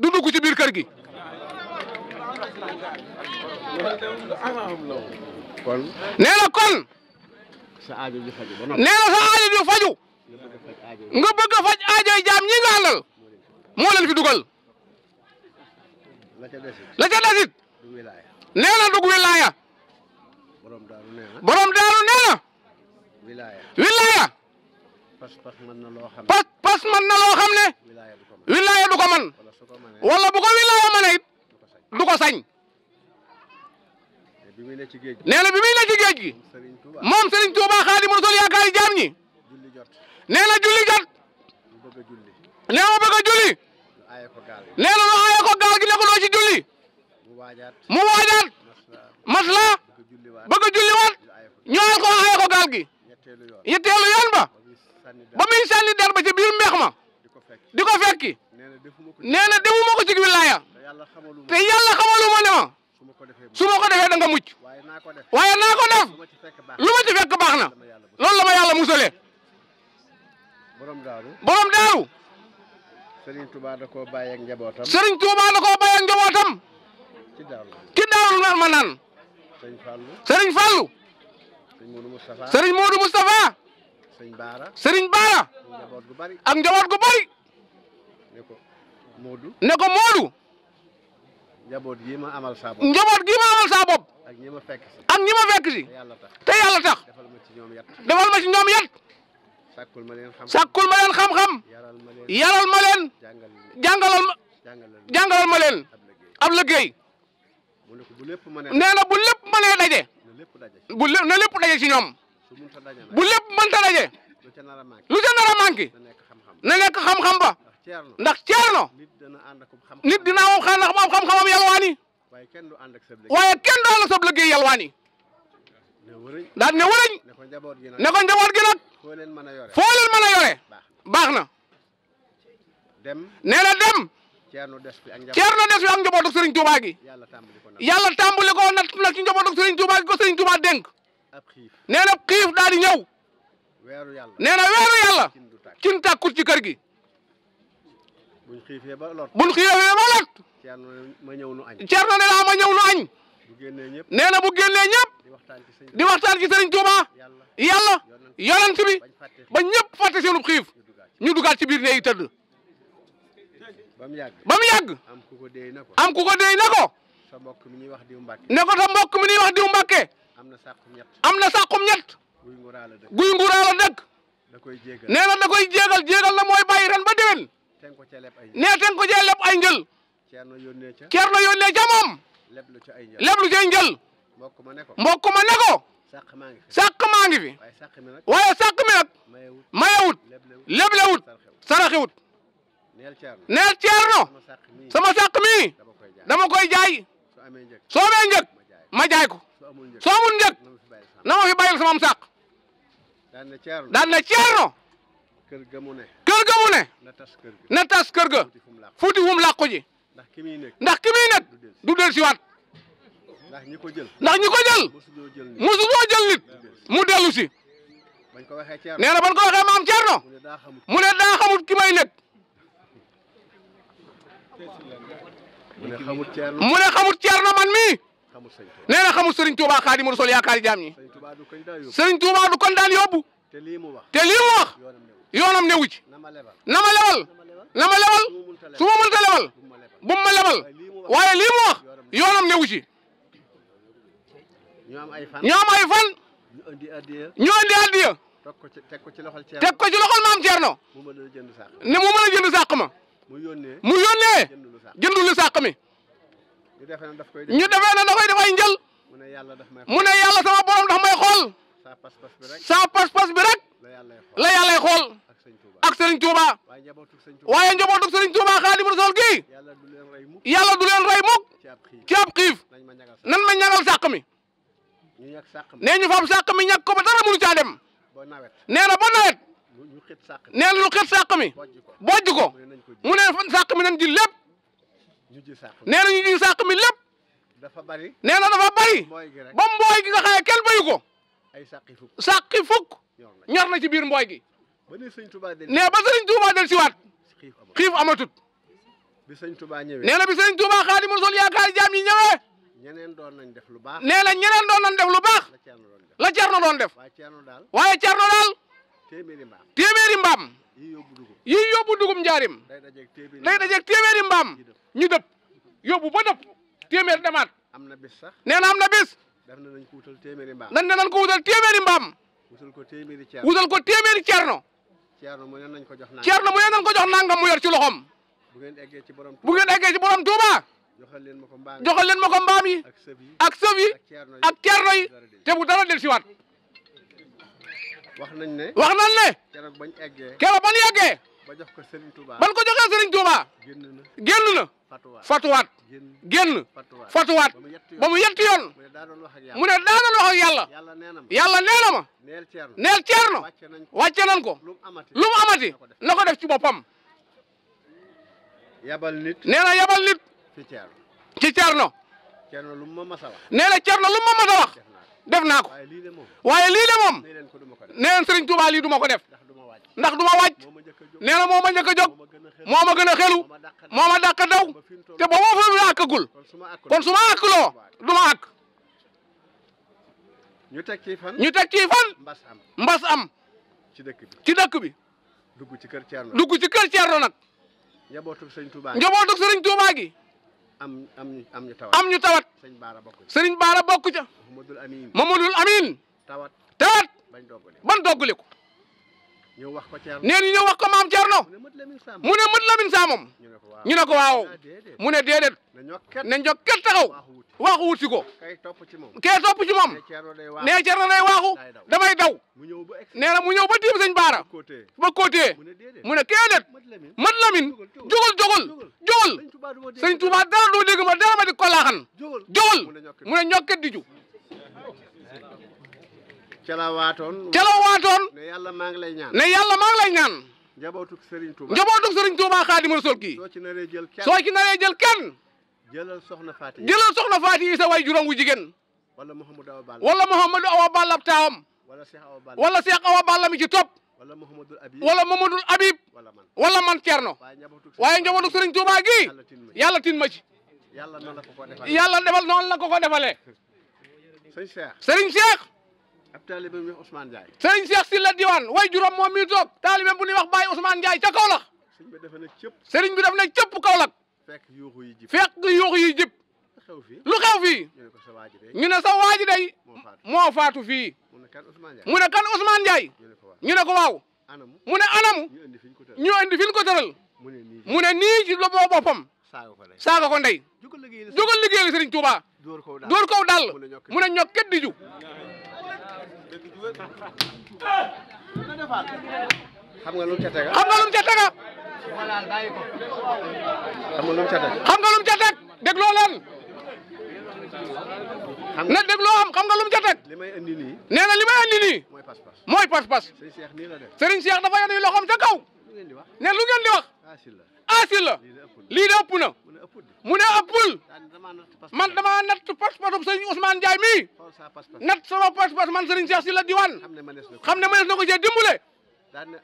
S7: du dugg ci biir kër gi.
S11: kon. kon. sa sa aajo ju faju. nga bëgg
S7: a faj aajoy jaam ñi nga moo leen fi dugal. la ca desit.
S11: nee
S7: na dug wilaaya
S11: borom daaru nee na pas pas mën na loo xam ne pas
S7: pas ne man wala bu ko wilaaya mane it sañ
S11: nee bi muy ne ci géej
S7: gi moom Serigne Touba Xaadimu Rasuul yaakaari jaam ñi nee julli jot nee na julli nee na lu ko gaal gi ne ko doo ci julli mu waajaat masla bëgg a julliwaat ñëwaat ko aye ko gaal gi yetteelu yoon ba ba muy sànni der ba ci biir mbeex ma di ko fekki nee na ko ci wilaaya te yàlla xamaluma ne ma su ma ko defee da nga mucc waaye naa ko def lu ma ci fekk baax na lool la ma yàlla
S11: musalee borom daaru Serigne Touba da koo bàyyi ak njabootam ci daarul ma naan sëriñ Fallou sëriñ Fallou sëriñ Modou Moustapha sëriñ Baara ak
S7: njaboot gu bari
S11: ne ko Modou ne ko njaboot gii ma amal saa bopp njaboot gii ma amal saa ak ñi ma fekk te yàlla tax
S7: defal ma ci ñoom yat defal ma ci ñoom yat sàkkul ma leen xam ma xam yaral ma leen jàngalal ma jàngalal ma leen ab liggéey nee na bu lépp mënee daje. bu lépp na lépp daje ci ñoom. bu lépp mënta daje. lu ca nar a manqué. na nekk xam-xam ba. ndax ceerno. nit dina am xam-xamam yalwaani. waaye kenn du ànd ak sab liggéey yalwaani. daal ne wërëñ. ne ko njaboot gi nag. foo leen
S11: mën
S7: a yore. baax na.
S11: nee dem. Ceerno des fi ak
S7: njabootu Serigne Touba gi yàlla tàmbali ko nat nag ci njabootu Serigne Touba gi ko Serigne Touba dénk nee na xiif daal di ñëw nee na weeru yàlla cin tàkkut ci kër gi
S11: buñ xiifee ba lot Ceerno ne ma ñëw nu añ nee na bu génnee ñëpp di waxtaan ci Serigne Touba yàlla
S7: yonent bi ba ñëpp fàtte seenub xiif ñu dugaat ci biir ne yi tëdd
S11: ba mu yàgg ba mu yàgg. am ku ko déy na ko am ku ko sa mbokk mi ñuy wax diw Mbàkke. ne ko sa mbokk mi ñuy wax diw Mbàkke. am na sàqum ñett am na sàqum ñett. guy
S7: nguraa la dëkk guy nguraa da koy jéegal nee na da koy jéegal jéegal na mooy bàyyi ren ba déwén.
S11: ten ko ca leb ay njël nee ten ko ca leb ay njël. Ceerno yónnee ca Ceerno ca moom. leb ca ay njël leb lu ma ne ko mbokk ma ne ko. sàq maa ngi fi
S7: sàq maa ngi fi. waaye sàq mi nag. mayewut mayewut leblewut saraxewut neel Ceerno sama sàq mi dama koy jaay soo amee njëg ma jaay ko soo amul njëg na ma fi bàyyil sama am sàq
S11: daan na Ceerno kër ga mu ne
S7: na tas kër ga fuuti fu mu làqu ji ndax ki muy nekk du del siwaat ndax ñi ko jël musu soo jël nit mu dellu si
S11: nee na ban ko waxee maam Ceerno mu ne daa xamut ki may mu ne xamul
S7: Thierno mu ne xamul Thierno man mii. nee na xamul Serigne Touba Xaadimu Rasuul jaam ñi.
S11: Serigne Touba du kon daan te lii mu wax
S7: yoonam newu ci. na ma lebal na ma lebal su ma mënta lebal bu lebal waaye lii mu wax yoonam newu ci.
S11: ay fan ñu andi addiya. teg ko ci loxol Thierno teg ci loxol maam Thierno. ni
S7: mu mën a jënd sàq ma. mu yónnee mu yónnee lu sàq mi
S11: ñu defee na daf koy def
S7: ay njël mu ne
S11: yàlla
S7: sama borom daf may xool saa pas-pas bi rek la yàllay xool ak Serigne Touba waaye njabootu Serigne Touba Xaadimu Rasuul gi yàlla du leen rey mukk ci ab xiif nan ma ñagal sàq mi nee ñu fab sàq mi ñàkk ba dara mënu caa dem nee na ba nawet nee na lu xët sàq mi bojj ko mu ne sàq mi nañ ji lépp nee na ñu ji sàq mi lépp nee na dafa bari ba mbooy gi nga xam ne kenn bayu ko sàqi fukk ñor na ci biir mbooy gi nee ba sëriñ Tuubaa del siwaat xiif amatut
S11: nee na
S7: bi sëriñ Tuubaa Xaadimu Rasuul yaakaar jaam yi ñëwee ñeneen
S11: doon nañ def lu baax nee na ñeneen doon nañ def lu baax
S7: la Ceerno doon def waaye Ceerno daal téeméeri mbaam téeméeri mbaam yi yóbbu dugub njaarim
S11: day
S7: dajeeg téeméeri mbaam ñu dëpp yóbbu ba dëpp téeméer demaat
S11: am na bis sax nee na am na
S7: bis na nañ
S11: ko wutal téeméeri mbaam nan ne nañ ko wutal téeméeri mbaam wutal ko téeméeri cerno wutal ko téeméeri cerno cerno mu ne nañ ko jox nangam cerno mu ne nañ ko jox nangam mu ci loxoom bu ngeen eggee ci borom bu ngeen eggee ci borom Tuuba joxal leen ma ko mbaam leen ma ko mbaam yi ak sëf yi ak cerno yi te bu dara del siwaat wax nañ ne. wax nañ ne. keroog bañ eggee. keroog bañ yeggee. ba ko Serigne Touba. ban ko joxee Serigne Touba. génn na génn na. fatuwaat fatuwaat. génn fatuwaat.
S7: ba mu yett yoon mu ne daa doon wax ak yàlla mu ne daa yàlla. yàlla nee na ma yàlla nee na ma. neel
S11: nañ ko lu amati lu mu
S7: amati na ko def ci boppam. yabal na yabal nit. ci Thierno ci Thierno.
S11: Cerno lu ma mas a nee na Cerno lu ma mas a wax
S7: def naa ko waaye lii de moom nee na Sëriñ Tuubaa lii du ma ko def ndax du ma wàcc nee na moo ma njëkk a jóg moo ma gën a xelu moo a dàq daw te ba ma fa la àkkagul kon su ma àkkloo du ma àkk
S11: ñu teg ci fan ñu teg ci fan mbas am ci dëkk bi ci dëkk bi dugg ci kër Cerno dugg ci kër Cerno nag njabootu Sëriñ Tuubaa gi am am ñu tawat am ñu tawat. sëriñ Baara bokk ca sëriñ Baara bokk ca. Mamadul Amin Mamadul Amin. tawat tawat. bañ doggale ko. ñëw wax ko Thierno nee ñëw wax ko maam Thierno mu ne mët Lamine
S7: Sam moom ñu ne ko waaw ah, mu ne déedéet ne ñoo ket taxaw waaxu wut si ko kee topp ci moom nee Thierno day waaxu damay daw nee na mu ñëw ba tiim sëñ Baara ba côté mu ne kee det mët Lamine
S11: jógal jógal jógal
S3: sëñ Touba dara doo
S11: dégg ma dara ma di ko laaxan jógal mu ne ñoo ket di ca la waatoon ca ne yàlla maa ngi lay ñaan ne yàlla maa ngi lay ñaan njabootug Serigne Touba njabootug Serigne Touba Xaadimu Rasuul kii soo ci naree jël kenn soo ci
S7: naree jël kenn
S11: jëlal soxna Faati jëlal
S7: soxna Faati yi sa way juróom wu jigéen wala
S11: Mouhamadou Awa Balla wala
S7: Mouhamadou Awa Balla taawam wala Cheikh Awa Balla wala Cheikh Awa Balla mi ci topp wala Mouhamadou Habib wala Mouhamadou wala man Thierno waaye njabootug Serigne Touba gii yàlla tin ma ci yàlla defal noonu la ko ko defalee sëriñ Cheikh
S11: ab taalibe bu ñuy wax Ousmane Ndiaye.
S7: sëriñ Cheikh Sylla Diwane way juróom moom mi toog taalibe bu ñuy wax Baye Ousmane Ndiaye ca Kaolack.
S11: sëriñ bi dafa ne cëpp.
S7: sëriñ bi dafa ne cëpp Kaolack. fekk yuuxu yi jib fekk yuuxu yi jib. lu xew fii ñu ne sa waaji day moo faatu fii mu ne kan Ousmane Ndiaye ñu ne ko waaw mu ne anam ñu indi fi ñu ko tëral mu ne nii ci la moo boppam saaga ko ndey jógal liggéeyal Serigne Touba dóor kow daal mu ne ñokket di ju
S11: xam nga lu ah? ah? mu ca teg xam nga lu mu ca teg xam nga lu mu ca teg xam nga lu mu ca teg dégloo na
S7: dégloo am xam nga lu mu ca teg li may indi nii nee na li may indi nii mooy pas-pas Serigne Cheikh dafa yenu loxoom ca kaw ne lu ngeen di wax aasi la lii de ëpp na mu ne ëppul man damaa natt pas-pasam sëriñ Ousmane Ndiaye mii natt sama pas-pas man sëriñ Cheikh Sylla Diwane xam ne mënees ko cee dimbale. daal ne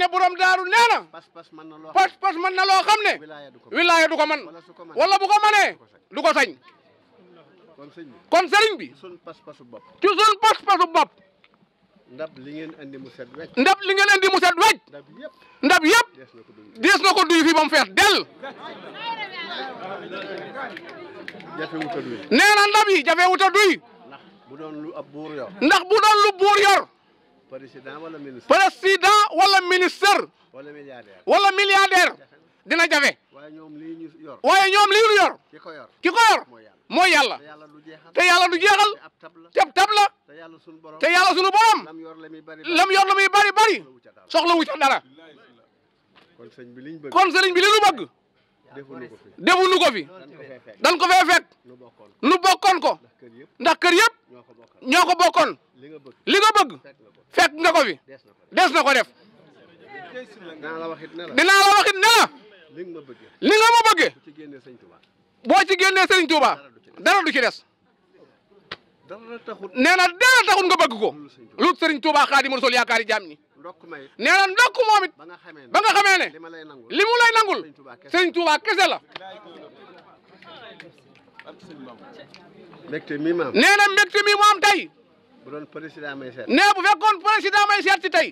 S7: ne borom daaru nee pas-pas mën na loo pas ne wilaaya du man wala bu ko mënee du
S11: kon sëriñ bi ci sun pas-pasu bopp ndab li ngeen andi mu set wecc. ndab li ngeen andi mu set wecc. ndab yëpp ndab na ko duy fii ba mu fees del. jafe wut a duy.
S7: nee na ndab yi jafe wut a duy.
S11: ndax bu doon lu ab buur yor. ndax bu doon
S7: lu buur
S11: wala ministre.
S7: président wala ministre.
S11: wala milliardaire.
S7: wala dina jafe waaye ñoom
S11: lii ñu yor waaye ñoom ki ko yor
S7: ki ko yor mooy yàlla te yàlla du jeexal te ab tab la te yàlla sunu borom lam yor
S11: la
S7: muy bari bari soxla wu ca dara kon sëriñ bi li ñu bëgg defuñu ko fi
S3: dañ ko fee fekk nu bokkoon ko ndax
S7: kër yëpp ñoo ko bokkoon li nga bëgg fekk nga ko fi des na ko def
S11: dinaa la waxit ne la li
S7: nga ma bëggee li bëggee boo
S11: ci génnee sëñ Touba
S7: boo ci génnee sëñ Touba dara du ci des
S11: nee
S7: na dara taxul nga bëgg ko lu sëriñ Touba Xaadimu Rasuul yaakaari jaam ñi nee na ndokk moom it ba nga xamee ne li mu
S11: lay nangul sëriñ Touba kese la mbégte mi maam nee na
S7: mbégte mi moom tey
S11: bu doon président may nee bu
S7: fekkoon président may seet ci tey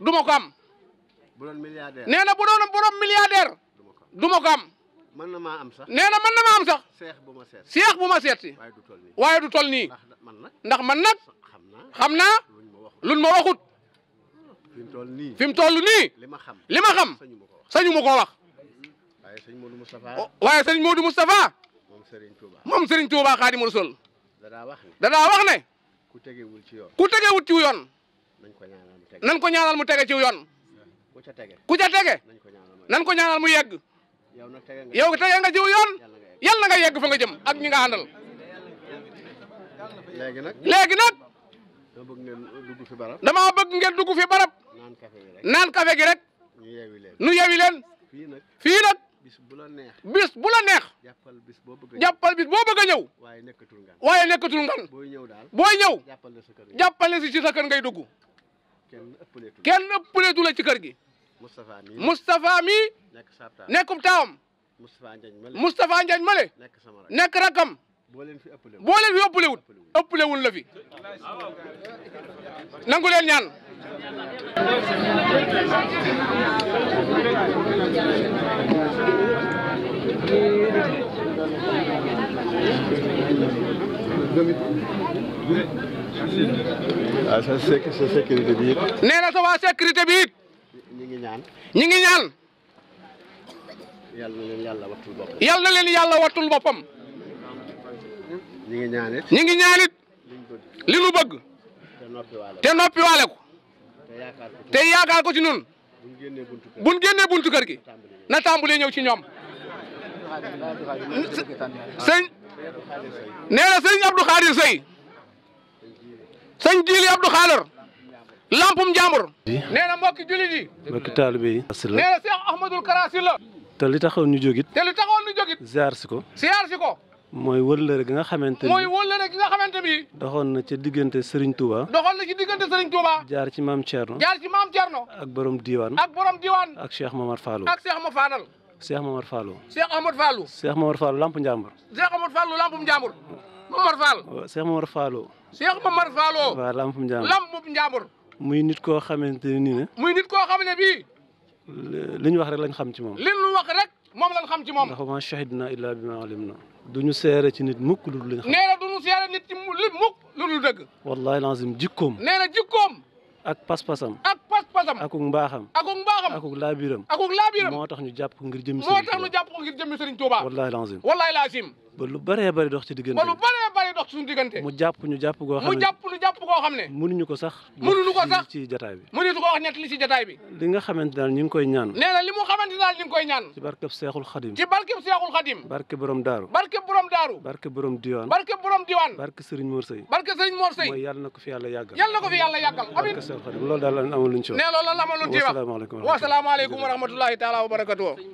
S7: du ma ko am
S11: bu doon milliardaire nee na bu
S7: doon borom milliardaire du ma ko am.
S11: mën na ma am sax nee na mën na maa am sax. seex bu ma seet seex
S7: bu ma seet si. waaye du toll nii waaye du toll nii. ndax man nag xam naa luñ ma waxut. fi mu toll nii fi mu toll nii li ma xam li ma xam sañu ma koo wax.
S11: waaye sëñ Modou Moustapha. waaye sëñ Modou
S7: Moustapha. moom
S11: Serigne Touba moom
S7: Serigne Touba Xaadimu Rasuul. dadaa wax ne wax ne. ku tegewul ci yoon ku tegewul ci yoon. nañ ko ñaanal mu tege nañ ko ñaanal mu tege ci yoon. ku ca tege ku ca tege. nañ ko ñaanal mu yegg. yow tege nga jiw yoon yal na nga yegg fa nga jëm ak ñi nga àndal
S11: léegi nag léegi nag dama bëgg ngeen dugg fi barab damaa bëgg ngeen dugg fi barab naan café gi rek nu yeewi leen ñu yeewi
S7: fii nag bis bu la neex bis bu la neex jàppal bis boo bëgg a jàppal bis boo a ñëw waaye nekkatul ngan waaye nekkatul ngan
S11: booy ñëw daal booy ñëw
S7: jàppal si sa kër ngay dugg kenn ëppaleetu la ci kër gi
S11: Moustapha mi nekk saab taam nekkum taawam. Moustapha Ndiagne Male Moustapha Ndiagne
S7: rakkam. boo
S11: leen fi ëppale boo
S7: leen fi ëppale wut ëppale wul la fi nangu leen ñaan. ah sa sécurité ñu ngi ñaan ñu ngi ñaan
S11: yal na leen yàlla wattul boppam yal na leen yàlla boppam ñu ngi ñaanit ñu ngi ñaanit li nu bëgg te noppi waale ko te
S7: yaakaar ko ci nun buñ génnee buntu kër gi na tàmbalee ñëw ci ñoom sëñ nee na sëñ Abdou Khadir Seye sëñ Jili Abdou Khadir lampum jàmbur. nee na mbokki jullit yi.
S12: mbokki taalibe yi. nee na
S7: Seex Ahmadul
S12: li taxoon ñu jógit te li taxoon ñu si ko. si ko. mooy wëllëre gi nga xamante ni mooy
S7: wëllëre gi nga xamante ni.
S12: doxoon na ci diggante sëriñ Touba.
S7: doxoon na ci diggante Serigne Touba.
S12: jaar ci maam Thierno. jaar
S7: ci maam Thierno. ak
S12: borom diiwaan. ak
S7: borom diiwaan. ak
S12: Cheikh Mamar Fallou. ak Cheikh Mamar Fallou. Cheikh Mamar Fallou.
S7: Cheikh Ahmad Fallou. Cheikh Mamar Fallou lampu
S12: muy nit koo xamante ni ne.
S7: muy nit koo xam ne bii.
S12: li ñu wax rek lañ xam ci moom. li
S7: ñu wax rek moom lañ xam ci
S12: moom. ndax ma shahidna illa bima alimna. du ñu seere ci nit mukk lu dul lañ xam.
S7: du ñu seere nit ci mukk
S12: lu dul dëgg. lazim jikkoom. nee na ak pas-pasam. ak pas-pasam. akuk mbaaxam.
S7: akuk mbaaxam. akuk
S12: laabiram. akuk laabiram. moo tax ñu jàpp ko ngir jëmmi Serigne Touba moo tax ba lu bëree bëri dox ba lu bëree bëri dox ci suñu diggante mu jàpp ñu jàpp goo xam ne mu jàpp ñu ko sax mënuñu ko sax bi mënuñu ko
S7: wax ñett li ci jataay bi
S12: li nga xamante daal ñu ngi koy ñaan
S7: nee na li mu xamante daal ñu ngi koy ñaan
S12: ci barkeb seexul xadim ci
S7: barkeb seexul xadim
S12: barke borom daaru
S7: barke borom daaru
S12: barke borom diwaan barke borom diwaan barke sëriñ Mor Sey
S7: barke sëriñ Mor Sey mooy
S12: yàlla na ko fi yàlla yàggal yàlla na ko fi yàlla yàggal amiin
S3: seexul daal lan amal luñ ci nee loolu lan amal luñ ci wax wasalaamaaleykum